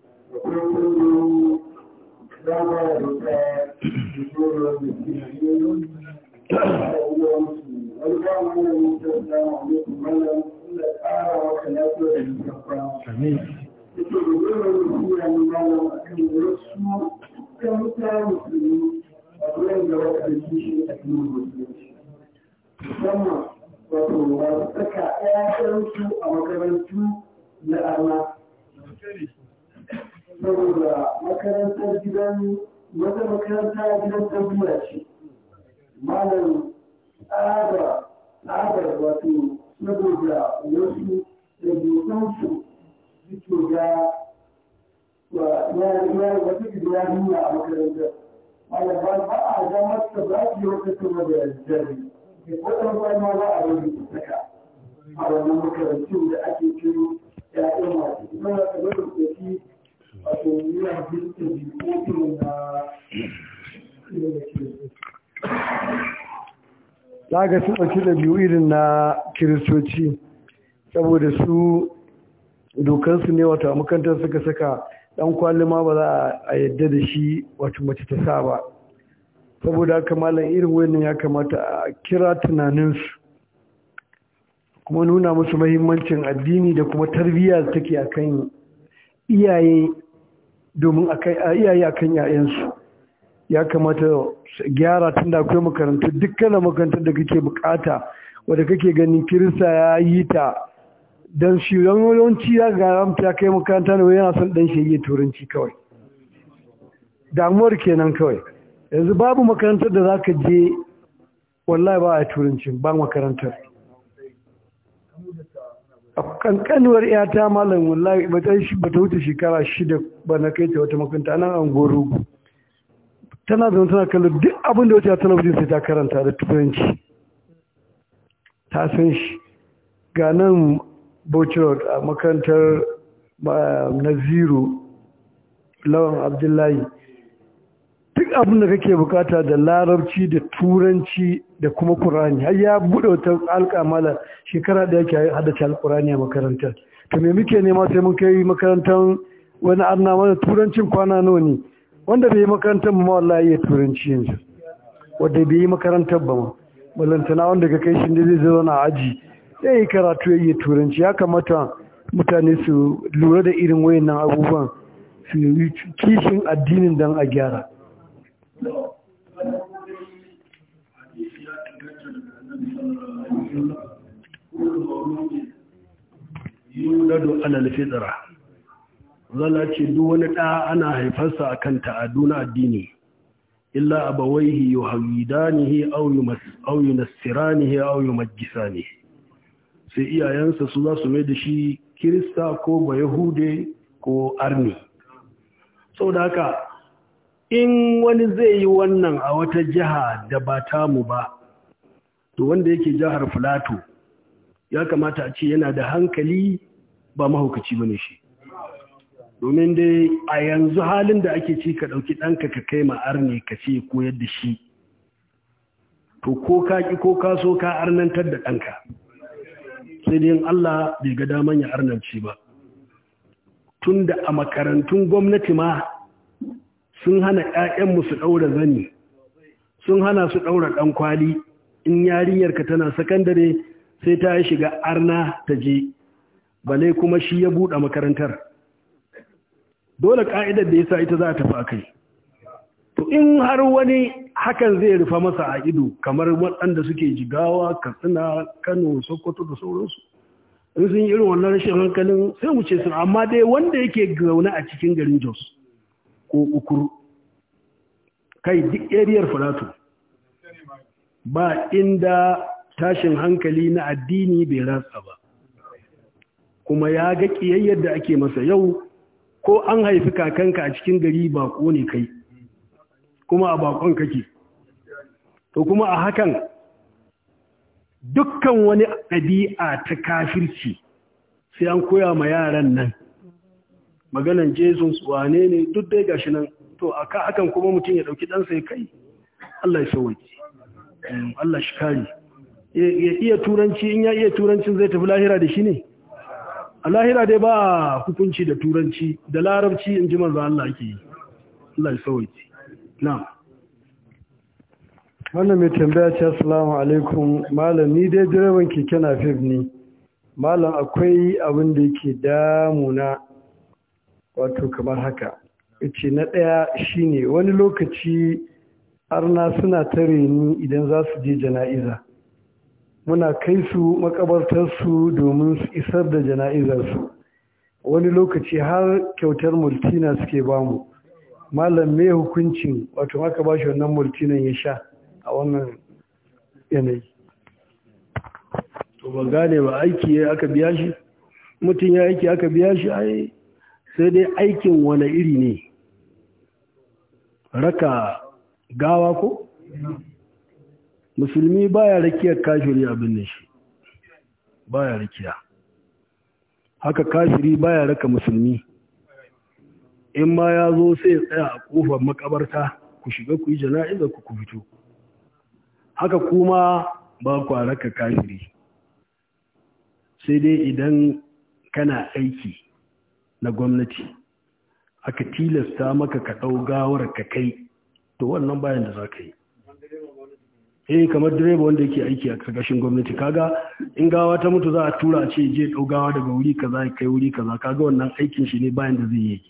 Amin. Amin. nan da wata kishi a cikin musulunci musamman wato masu saka ƴaƴansu a makarantu na arna saboda makarantar gidan wata makaranta gidan tabbura ce malam tsaba tsabar wato saboda wasu ɗabi'unsu suke ga wa wata gidan a makarantar malaban ba a zama ta ba ki wata kuma da jari ke kodin bai ma ba a rubu saka a wannan makarantu da ake kiro ya'yan masu kuma na kaba da kofi wato yana birkin jikokin na za ga sun ɗauki da biyu irin na kiristoci saboda su dokansu ne wata makarantar suka saka Ɗan kwalli ma ba za a yadda da shi wato mace ta sa ba saboda haka malam irin wannan ya kamata a kira tunaninsu kuma nuna musu mahimmancin addini da kuma tarbiyya take akan iyaye domin iyaye akan yayansu ya kamata gyara tun da akwai makarantu dukkanin makarantar da kake bukata wadda kake ganin kirista ya yi ta don shi yawanci ya ga ramta kai makaranta ne yana son dan shi yi turanci kawai damuwar kenan kawai yanzu babu makarantar da za ka je wallahi ba a turanci ba makarantar a kankanuwar yata malam wallahi ba ta wuce shekara shida ba na kai ta wata makaranta nan an goro tana zama tana kallon duk abin da wata ya talabijin sai ta karanta da turanci ta san shi ga nan bocirot a makarantar eh, naziru lawan abdullahi duk abin da kake bukata da larabci da turanci da kuma kurani har ya buɗe wata alƙamala shekara da yake haddace alƙurani a makarantar to me muke nema sai mun kai makarantar wani arna mana turancin kwana nawa ne wanda bai yi makarantar ma wallahi ya turanci yanzu wanda bai yi makarantar ba ma balantana wanda ka kai shi ne zai zauna a aji zai yi karatu ya yi turanci ya kamata mutane su lura da irin wayannan abubuwan su yi kishin addinin don a gyara yulado ce duk wani ɗa ana haifarsa a kan ta'adu na addini illa abawaihi yuhawidanihi aw yumas aw yunassiranihi aw yumajjisanihi sai iyayensa su za su mai da shi kirista ko Bayahude ko arni sau da haka in wani zai yi wannan a wata jiha da ba tamu ba to wanda yake jihar filato ya kamata a ce yana da hankali ba mahaukaci bane shi domin dai a yanzu halin da ake ci ka ɗauki ɗanka ka kai arne ka ce koyar da shi to ko ka ƙi ko ka so ka arnantar da ɗanka sai dai Allah bai ga daman ya arnarci ba tun da a makarantun gwamnati ma sun hana 'ya'yanmu su ɗaura zani sun hana su ɗaura ɗan kwali in yarinyarka tana sakandare sai ta shiga arna ta je balai kuma shi ya buɗe makarantar dole ƙa'idar da ya sa ita za ta tafi a kai to in har wani hakan zai rufa masa a ido kamar waɗanda suke jigawa katsina kano sokoto da sauransu in sun yi irin wannan rashin hankalin sai mu ce sun amma dai wanda yake zaune a cikin garin jos ko ukuru kai duk ariyar falato ba inda tashin hankali na addini bai ratsa ba kuma ya ga ƙiyayyar da ake masa yau ko an haifi kakanka a cikin gari ba ko ne kai kuma a bakon kake to kuma a hakan dukkan wani ɗabi'a ta kafirci sai an koya ma yaran nan maganan jesus wane ne duk dai gashi nan to a ka hakan kuma mutum ya ɗauki ɗansa ya kai allah ya sauwaki mm, allah shi kari ya iya turanci in ya iya turancin zai tafi lahira da shi ne a lahira dai ba hukunci da turanci da larabci in ji manzo Allah ke yi Allah ya sauwaki na'am wannan mai tambaya ce assalamu alaikum malam ni dai direban keke nafif ne malam akwai abin da yake damuna wato kamar haka ce na ɗaya shine wani lokaci arna suna tare ni idan za su je jana'iza muna kai su makabartarsu domin su isar da jana'izarsu wani lokaci har kyautar multina suke bamu malam me hukuncin wato aka ba shi wannan mulkinan ya sha a wannan yanayi to ba gane ba aiki ya aka biya shi mutum ya aiki aka biya shi ai sai dai aikin wani iri ne raka gawa ko musulmi baya rakiyar kashiri abin ne shi baya rakiya haka kashiri baya raka musulmi in ma ya zo sai tsaya a kofar makabarta ku shiga ku yi jana'izar ku ku fito haka kuma ba ku raka kafiri sai dai idan kana aiki na gwamnati aka tilasta maka ka ɗau gawar ka kai to wannan bayan da za ka yi eh kamar direba wanda yake aiki a ƙarƙashin gwamnati kaga in gawa ta mutu za a tura a ce je ɗau gawa daga wuri kaza ya kai wuri kaza kaga wannan aikin shi ne bayan da zai yi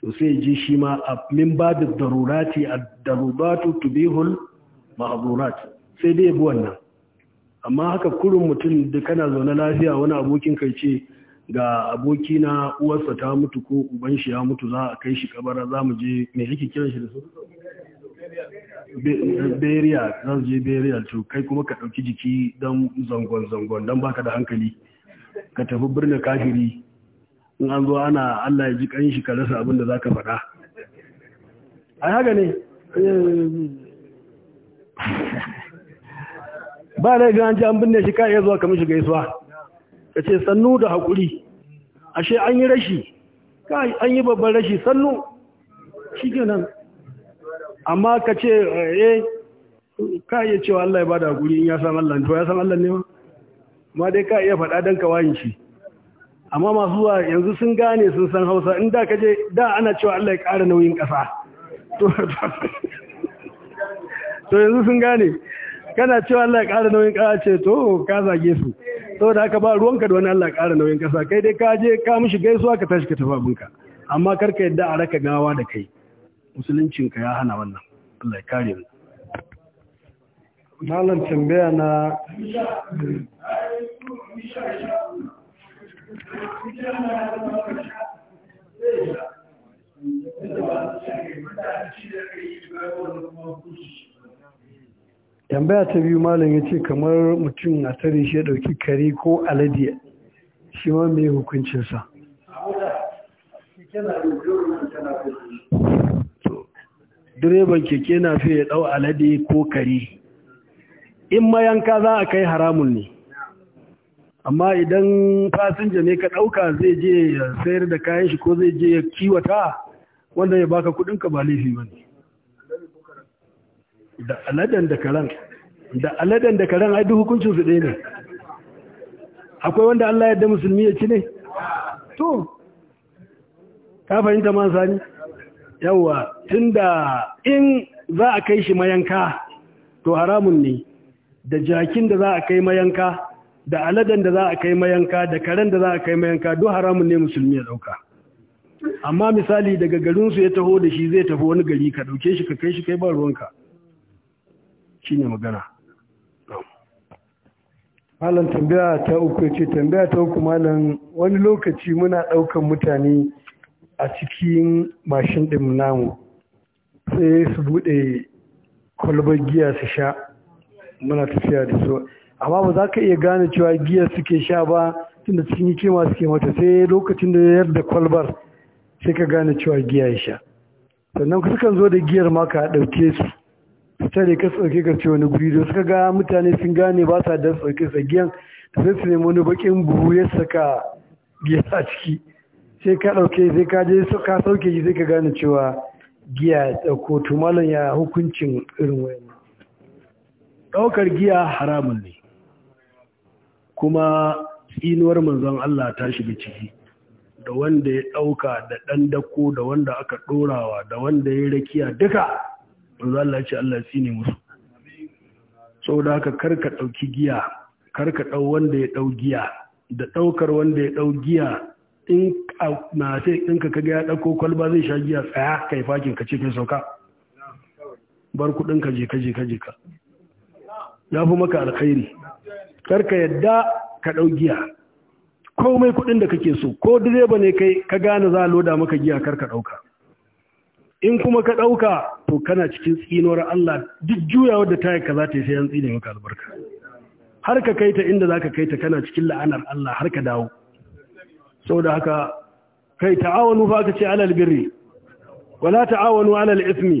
to sai ji shi ma a min babu darurati a darubatu tubihul ma'aburat sai dai bi wannan amma haka kurin mutum da kana zaune lafiya wani abokin kai ce ga aboki na uwarsa ta mutu ko uban shi ya mutu za a kai shi kabara za mu je me yake kiran shi da su beriya su je beriya to kai kuma ka ɗauki jiki don zangon-zangon don baka da hankali ka tafi birnin kafiri in an zo ana Allah ya ji shi ka rasa abin da za ka faɗa ai haka ne eh. ba da gina ji an binne shi ka iya zuwa kamar shiga isuwa ka ce sannu da haƙuri ashe an yi rashi kai an yi babban rashi sannu shi nan. amma ka ce eh ka iya cewa Allah ya bada haƙuri in ya san Allah to ya san Allah ne ma ma dai ka iya faɗa don ka wayin shi amma masu zuwa yanzu sun gane sun san hausa in da kaje da ana cewa Allah ya ƙara nauyin ƙasa to yanzu sun gane kana cewa Allah ya ƙara nauyin ƙasa ce to ka zage su saboda haka ba ruwanka da wani Allah ya ƙara nauyin ƙasa kai dai ka je ka mishi gaisuwa ka tashi ka tafi abinka amma kar ka yadda a raka gawa da kai musuluncinka ya hana wannan Allah ya kare mu malam tambaya na tambaya ta biyu malam ya ce kamar mutum a tare shi ya ɗauki kare ko alade shi ma mai hukuncinsa direban keke na fiye ya ɗau alade ko kare in mayanka za a kai haramun ne amma idan fasinja ne ka ɗauka zai je ya sayar da kayan shi ko zai je ya kiwata wanda ya baka kuɗinka ba laifi ba ne da aladen da karan da aladen da karan ai duk hukuncin su ɗaya ne akwai wanda Allah yadda musulmi ya ci ne to ka fahimta man sani yawa tunda in za a kai shi mayanka to haramun ne da jakin da za a kai mayanka da aladan da za a kai mayanka da karen da za a kai mayanka duk haramun ne musulmi ya dauka amma misali daga garinsu ya taho da shi zai tafi wani gari ka dauke shi ka kai shi kai ba ruwanka shine magana malam tambaya ta uku ce tambaya ta uku malam wani lokaci muna daukan mutane a cikin mashin din namu sai su bude kwalbar giya su sha muna tafiya da su amma ba za ka iya gane cewa giya suke sha ba tunda cikin yi kima suke mata sai lokacin da yar da kwalbar sai ka gane cewa giya ya sha sannan sukan zo da giyar ma ka ɗauke su su tare ka tsauke ka ce wani guri da suka ga mutane sun gane ba sa da tsauke sa giyan sai su nemi wani bakin buhu ya saka giya a ciki sai ka ɗauke sai ka je ka sauke shi sai ka gane cewa giya ɗauko tumalin ya hukuncin irin wayan ɗaukar giya haramun ne kuma inuwar manzon Allah ta shiga ciki da wanda ya ɗauka da ɗan dako da wanda aka ɗorawa da wanda ya rakiya duka manzon Allah ce Allah ne musu da haka karka ɗauki giya karka ɗau wanda ya ɗau giya da ɗaukar wanda ya ɗau giya in na sai ka kaga ya ɗauko kwalba zai sha giya tsaya kai fakin ka ce kai sauka bar kuɗin ka je ka je ka je ka ya fi maka alkhairi karka yadda ka ɗau giya komai kuɗin da kake so ko direba ne kai ka gane za a loda maka giya karka ɗauka in kuma ka ɗauka to kana cikin tsinuwar Allah duk juya da ta ka za ta yi sayan tsini maka albarka har ka kai inda za ka kai ta kana cikin la'anar Allah har ka dawo saboda haka kai ta'awanu fa ka ce alal birri wala ta'awanu alal ismi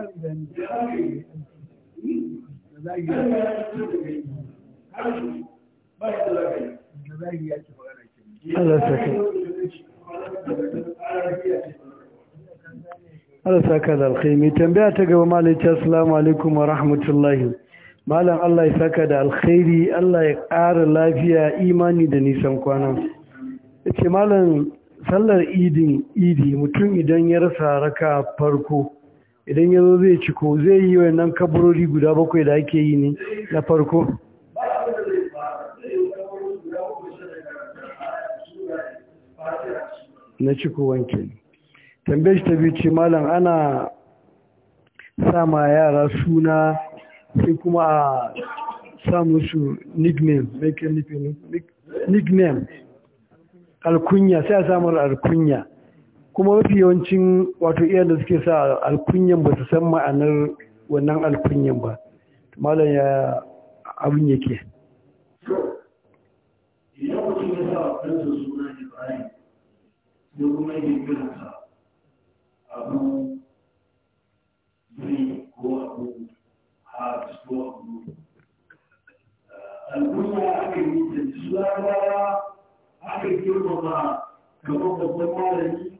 Allah saka da alkhaimi tambaya ta gaba malaita assalamu alaikum wa rahmatullahi malam Allah ya saka da alkhairi Allah ya ƙara lafiya imani da nisan kwana ce malam sallar idin idi mutum idan ya rasa raka farko idan ya zo zai ciko zai yi wannan kaburori guda bakwai da ake yi ne na farko na ciko wanke tambayar shi ta biyu ce malam ana sama yara suna sai kuma a sa musu nickname nickname alkunya sai a samar alkunya kuma mafi yawancin wato iya da suke sa alkunyan ba su san ma'anar wannan alkunyan ba malam ya abin yake al'umma aka yi da su aka girmama kamar babban malami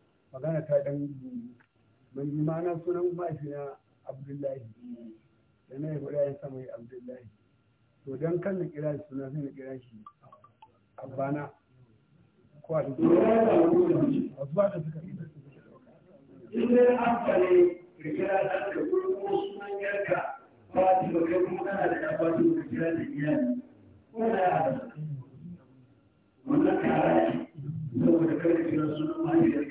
magana ta dan mai mana sunan mashi na abdullahi da na yabo ya sa mai abdullahi to dan kan na kira shi suna sai na kira shi abbana ko a duk ba da suka yi in dai an da kuma sunan yarka ba ta kai kuma kana da ya ba ta kira da iyali ko da wannan kara ne saboda kada kira sunan mahaifiyarka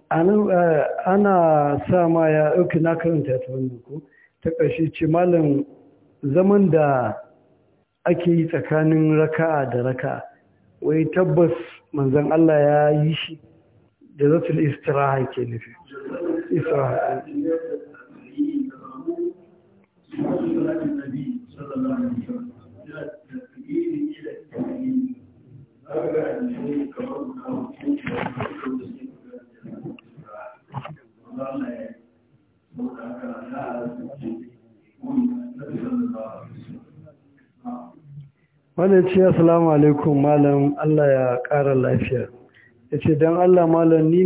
Eh, ana sa ma ya ɗauki na karanta ta wani ko ta ƙarshe ce malam zaman da ake yi tsakanin raka'a da raka'a wai tabbas manzan Allah ya yi shi da zafin istiraha ke nufi istiraha wani ce asalamu alaikum malam Allah ya ƙara lafiya ya ce don Allah malam ni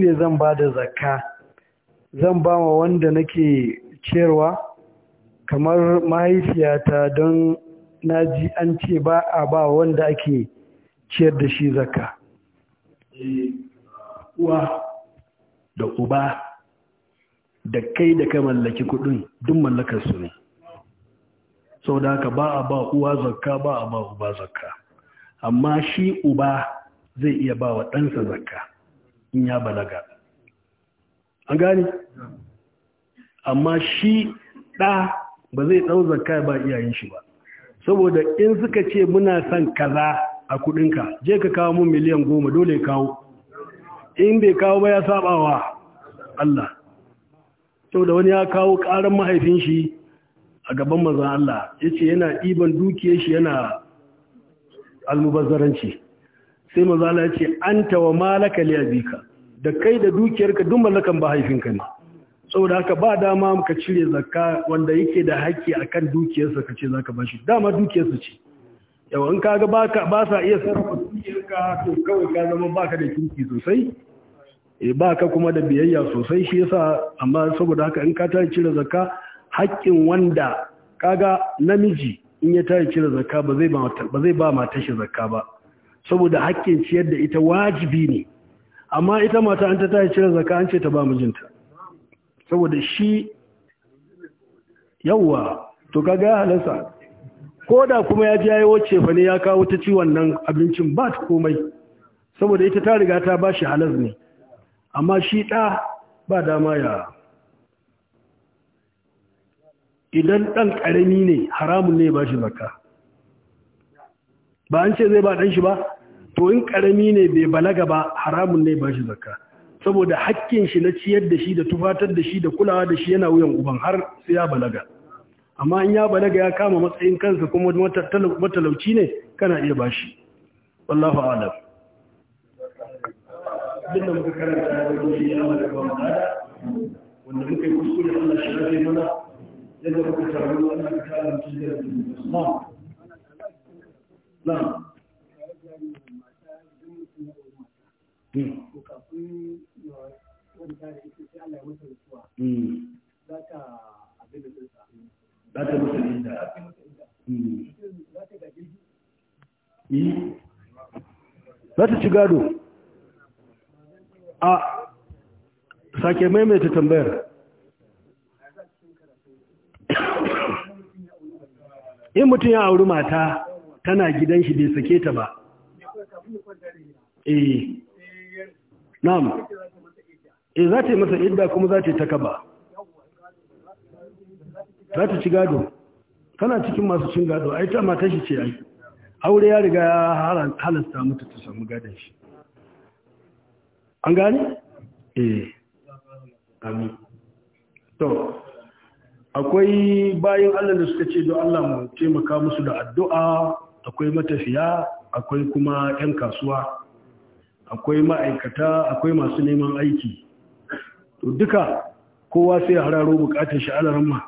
ne zan ba da zakka zan ba wa wanda nake ciyarwa kamar mahaifiyata don na ji an ce ba a ba wanda ake ciyar da shi zakka uwa da uba da kai da ka mallaki kudin duk mallakar su ne sau da haka ba a ba uwa zakka ba a ba uba zakka amma shi uba zai iya ba wa ɗansa zakka in ya balaga an gani. amma shi ɗa ba zai ɗau zakka ba iyayen shi ba saboda in suka ce muna son kaza a kudinka je ka kawo mun miliyan goma dole kawo in bai kawo ba ya sabawa Allah sau da wani ya kawo ƙaran mahaifin shi a gaban mazan Allah ya ce yana ɗiban dukiyar shi yana almubazzaranci sai mazan Allah ya ce an tawa malaka liyabika da kai da dukiyarka duk mallakan haifinka ne saboda haka ba dama ka cire zakka wanda yake da haƙƙi akan dukiyarsa ka ce zaka bashi dama dukiyarsa ce yau in kaga ba sa iya sarrafa dukiyarka to kawai ka zama baka da kinki sosai Eh, ba ka kuma da biyayya sosai shi yasa amma saboda haka in ka tare cire zakka haƙƙin wanda kaga namiji in ya tare cire zakka ba zai ba ba zai ba mata shi zakka ba saboda haƙƙin ciyar da ita wajibi ne amma ita mata an ta tare cire zakka an ce ta ba mijinta saboda shi yawa to kaga halasa halarsa ko da kuma ya ji yayo fa ne ya kawo ta ciwon nan abincin ba ta komai saboda ita ta riga ta ba shi ne amma shi ɗa ba dama ya idan ɗan ƙarami ne haramun ne ba shi zaka ba an ce zai ba ɗan shi ba to in ƙarami ne bai balaga ba haramun ne ba shi zaka saboda hakkin shi na ciyar da shi da tufatar da shi da kulawa da shi yana wuyan uban har sai ya balaga amma in ya balaga ya kama matsayin kansa kuma matalauci ne kana iya bashi wallahu a'lam abin da muka karanta ya zama shi ya mata ba ma'ada wanda muka yi kuskure Allah shi rafe mana yadda muka tarbi Allah ka kara mutum da na za ta abin ta inda hmm. Hmm. za ta ci gado a sake maimaita tambayar in mutum ya auri mata tana gidan shi bai sake ta ba eh na'am eh za ta yi masa idda kuma za ta yi ba za ta ci gado tana cikin masu cin gado yi ta matashi ce aure ya riga ya halasta mutu ta samu gadon shi an gani? eh amin to akwai bayan allah da suka ce don allah mu taimaka musu da addu'a akwai matafiya akwai kuma 'yan kasuwa akwai ma'aikata akwai masu neman aiki to duka kowa sai a hararo bukatar sha’alar ma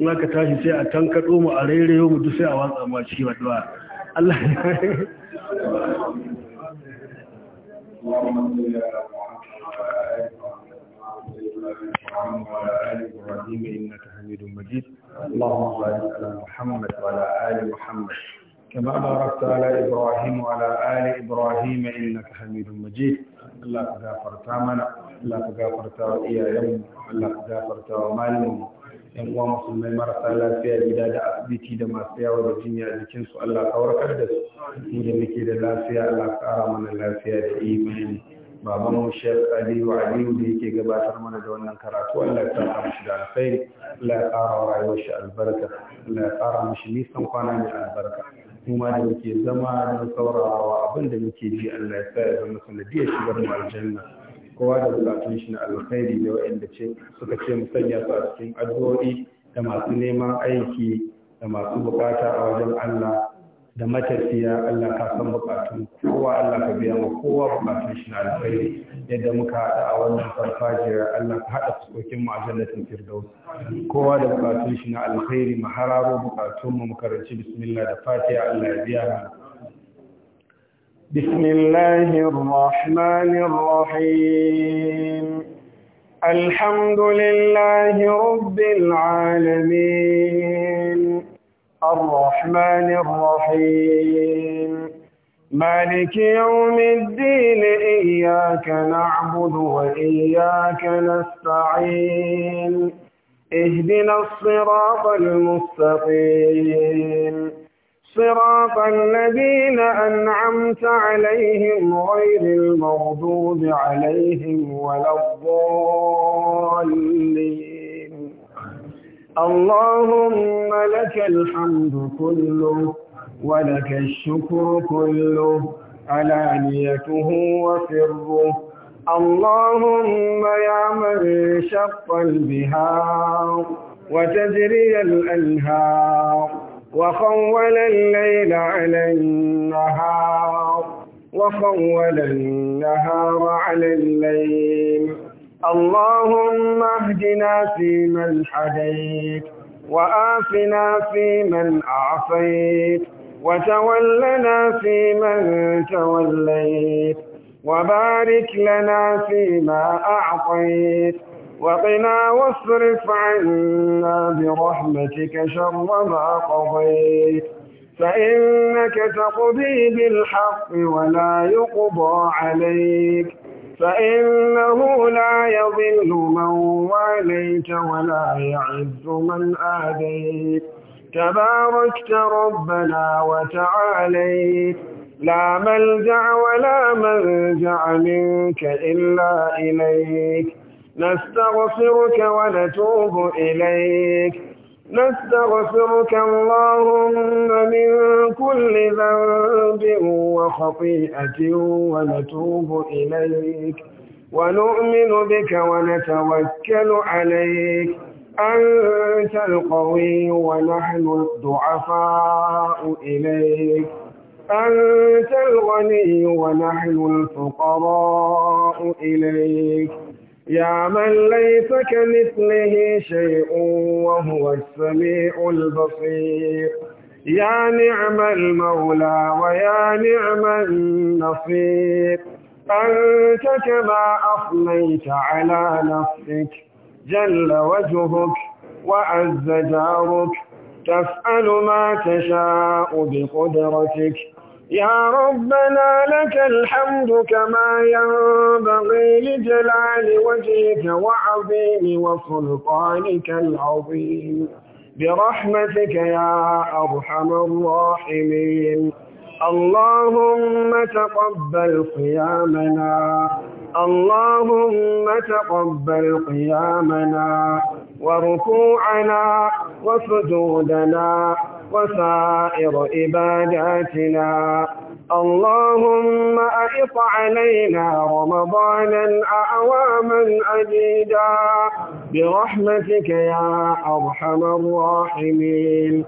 in aka tashi sai a tankaɗo mu a rairayo mu duk sai a watsa ma ciwa Allah اللهم صل على محمد وعلى آل محمد وعلى آل إبراهيم إنك حميد مجيد اللهم بارك على محمد وعلى آل محمد كما باركت على إبراهيم وعلى آل إبراهيم إنك حميد مجيد الله تغفرت منا الله تغفرت وإياهم الله تغفرت ومالهم yan uwa musulmai marasa lafiya gida da asibiti da masu yawa da jinya jikin su Allah ka warkar da su mu da muke da lafiya Allah kara mana lafiya da imani baban mu Sheikh Aliyu Aliyu da yake gabatar mana da wannan karatu Allah ya tsara shi da alkhairi Allah ya ƙara wa rayuwar shi albarka Allah ya ƙara mishi nisan kwana mai albarka kuma da muke zama da saurarawa abin muke ji Allah ya sa ya zama sanadiyar shigar mu aljanna kowa da bukatun shi na alkhairi da waɗanda suka ce mu sanya su a cikin addu'o'i da masu neman aiki da masu bukata a wajen Allah da matafiya Allah ka san bukatun kowa Allah ka biya ma kowa bukatun shi na alkhairi yadda muka haɗa a wannan farfajiyar Allah ka haɗa fuskokin mu a jannatin firdaus kowa da bukatun shi na alkhairi mu hararo bukatun mu mu karanci bismillah da fatiha Allah ya biya mana بسم الله الرحمن الرحيم الحمد لله رب العالمين الرحمن الرحيم مالك يوم الدين إياك نعبد وإياك نستعين اهدنا الصراط المستقيم صراط الذين أنعمت عليهم غير المغضوب عليهم ولا الضالين اللهم لك الحمد كله ولك الشكر كله نيته وسره اللهم يا من شق البهار وتجري الأنهار وخول الليل على النهار وخول النهار على الليل اللهم اهدنا فيمن هديت وآفنا فيمن أعفيت وتولنا فيمن توليت وبارك لنا فيما أعطيت وقنا واصرف عنا برحمتك شر ما قضيت فإنك تقضي بالحق ولا يقضى عليك فإنه لا يضل من واليت ولا يعز من آديت تباركت ربنا وتعاليت لا ملجع ولا منجع منك إلا إليك نستغفرك ونتوب إليك نستغفرك اللهم من كل ذنب وخطيئة ونتوب إليك ونؤمن بك ونتوكل عليك أنت القوي ونحن الضعفاء إليك أنت الغني ونحن الفقراء إليك يا من ليس كمثله شيء وهو السميع البصير يا نعم المولى ويا نعم النصير أنت كما أصليت على نفسك جل وجهك وعز جارك تسأل ما تشاء بقدرتك يا ربنا لك الحمد كما ينبغي لجلال وجهك وعظيم وسلطانك العظيم برحمتك يا أرحم الراحمين اللهم تقبل قيامنا اللهم تقبل قيامنا وركوعنا وسجودنا وسائر عباداتنا اللهم أعط علينا رمضانا أعواما عديدا برحمتك يا أرحم الراحمين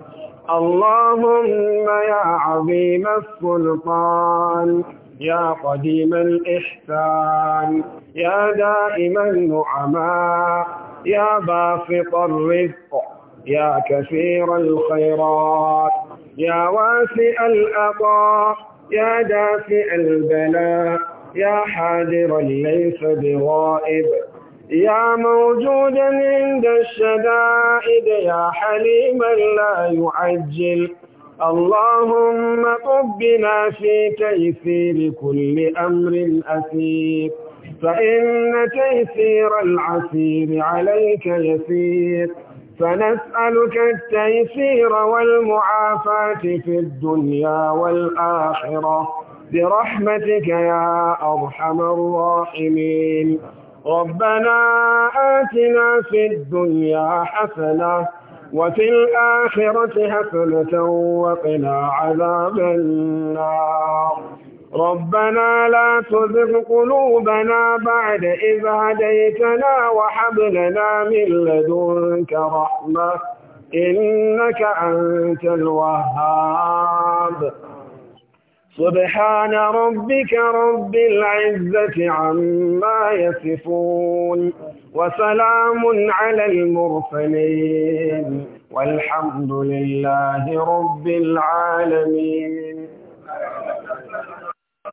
اللهم يا عظيم السلطان يا قديم الإحسان يا دائم النعماء يا باسط الرزق يا كثير الخيرات يا واسع الأطاء يا دافع البلاء يا حاضرا ليس بغائب يا موجودا عند الشدائد يا حليما لا يعجل اللهم طبنا في تيسير كل أمر أثير فإن تيسير العسير عليك يسير فنسألك التيسير والمعافاة في الدنيا والآخرة برحمتك يا أرحم الراحمين ربنا آتنا في الدنيا حسنة وفي الآخرة حسنة وقنا عذاب النار ربنا لا تزغ قلوبنا بعد إذ هديتنا وهب لنا من لدنك رحمة إنك أنت الوهاب سبحان ربك رب العزة عما يصفون وسلام على المرسلين والحمد لله رب العالمين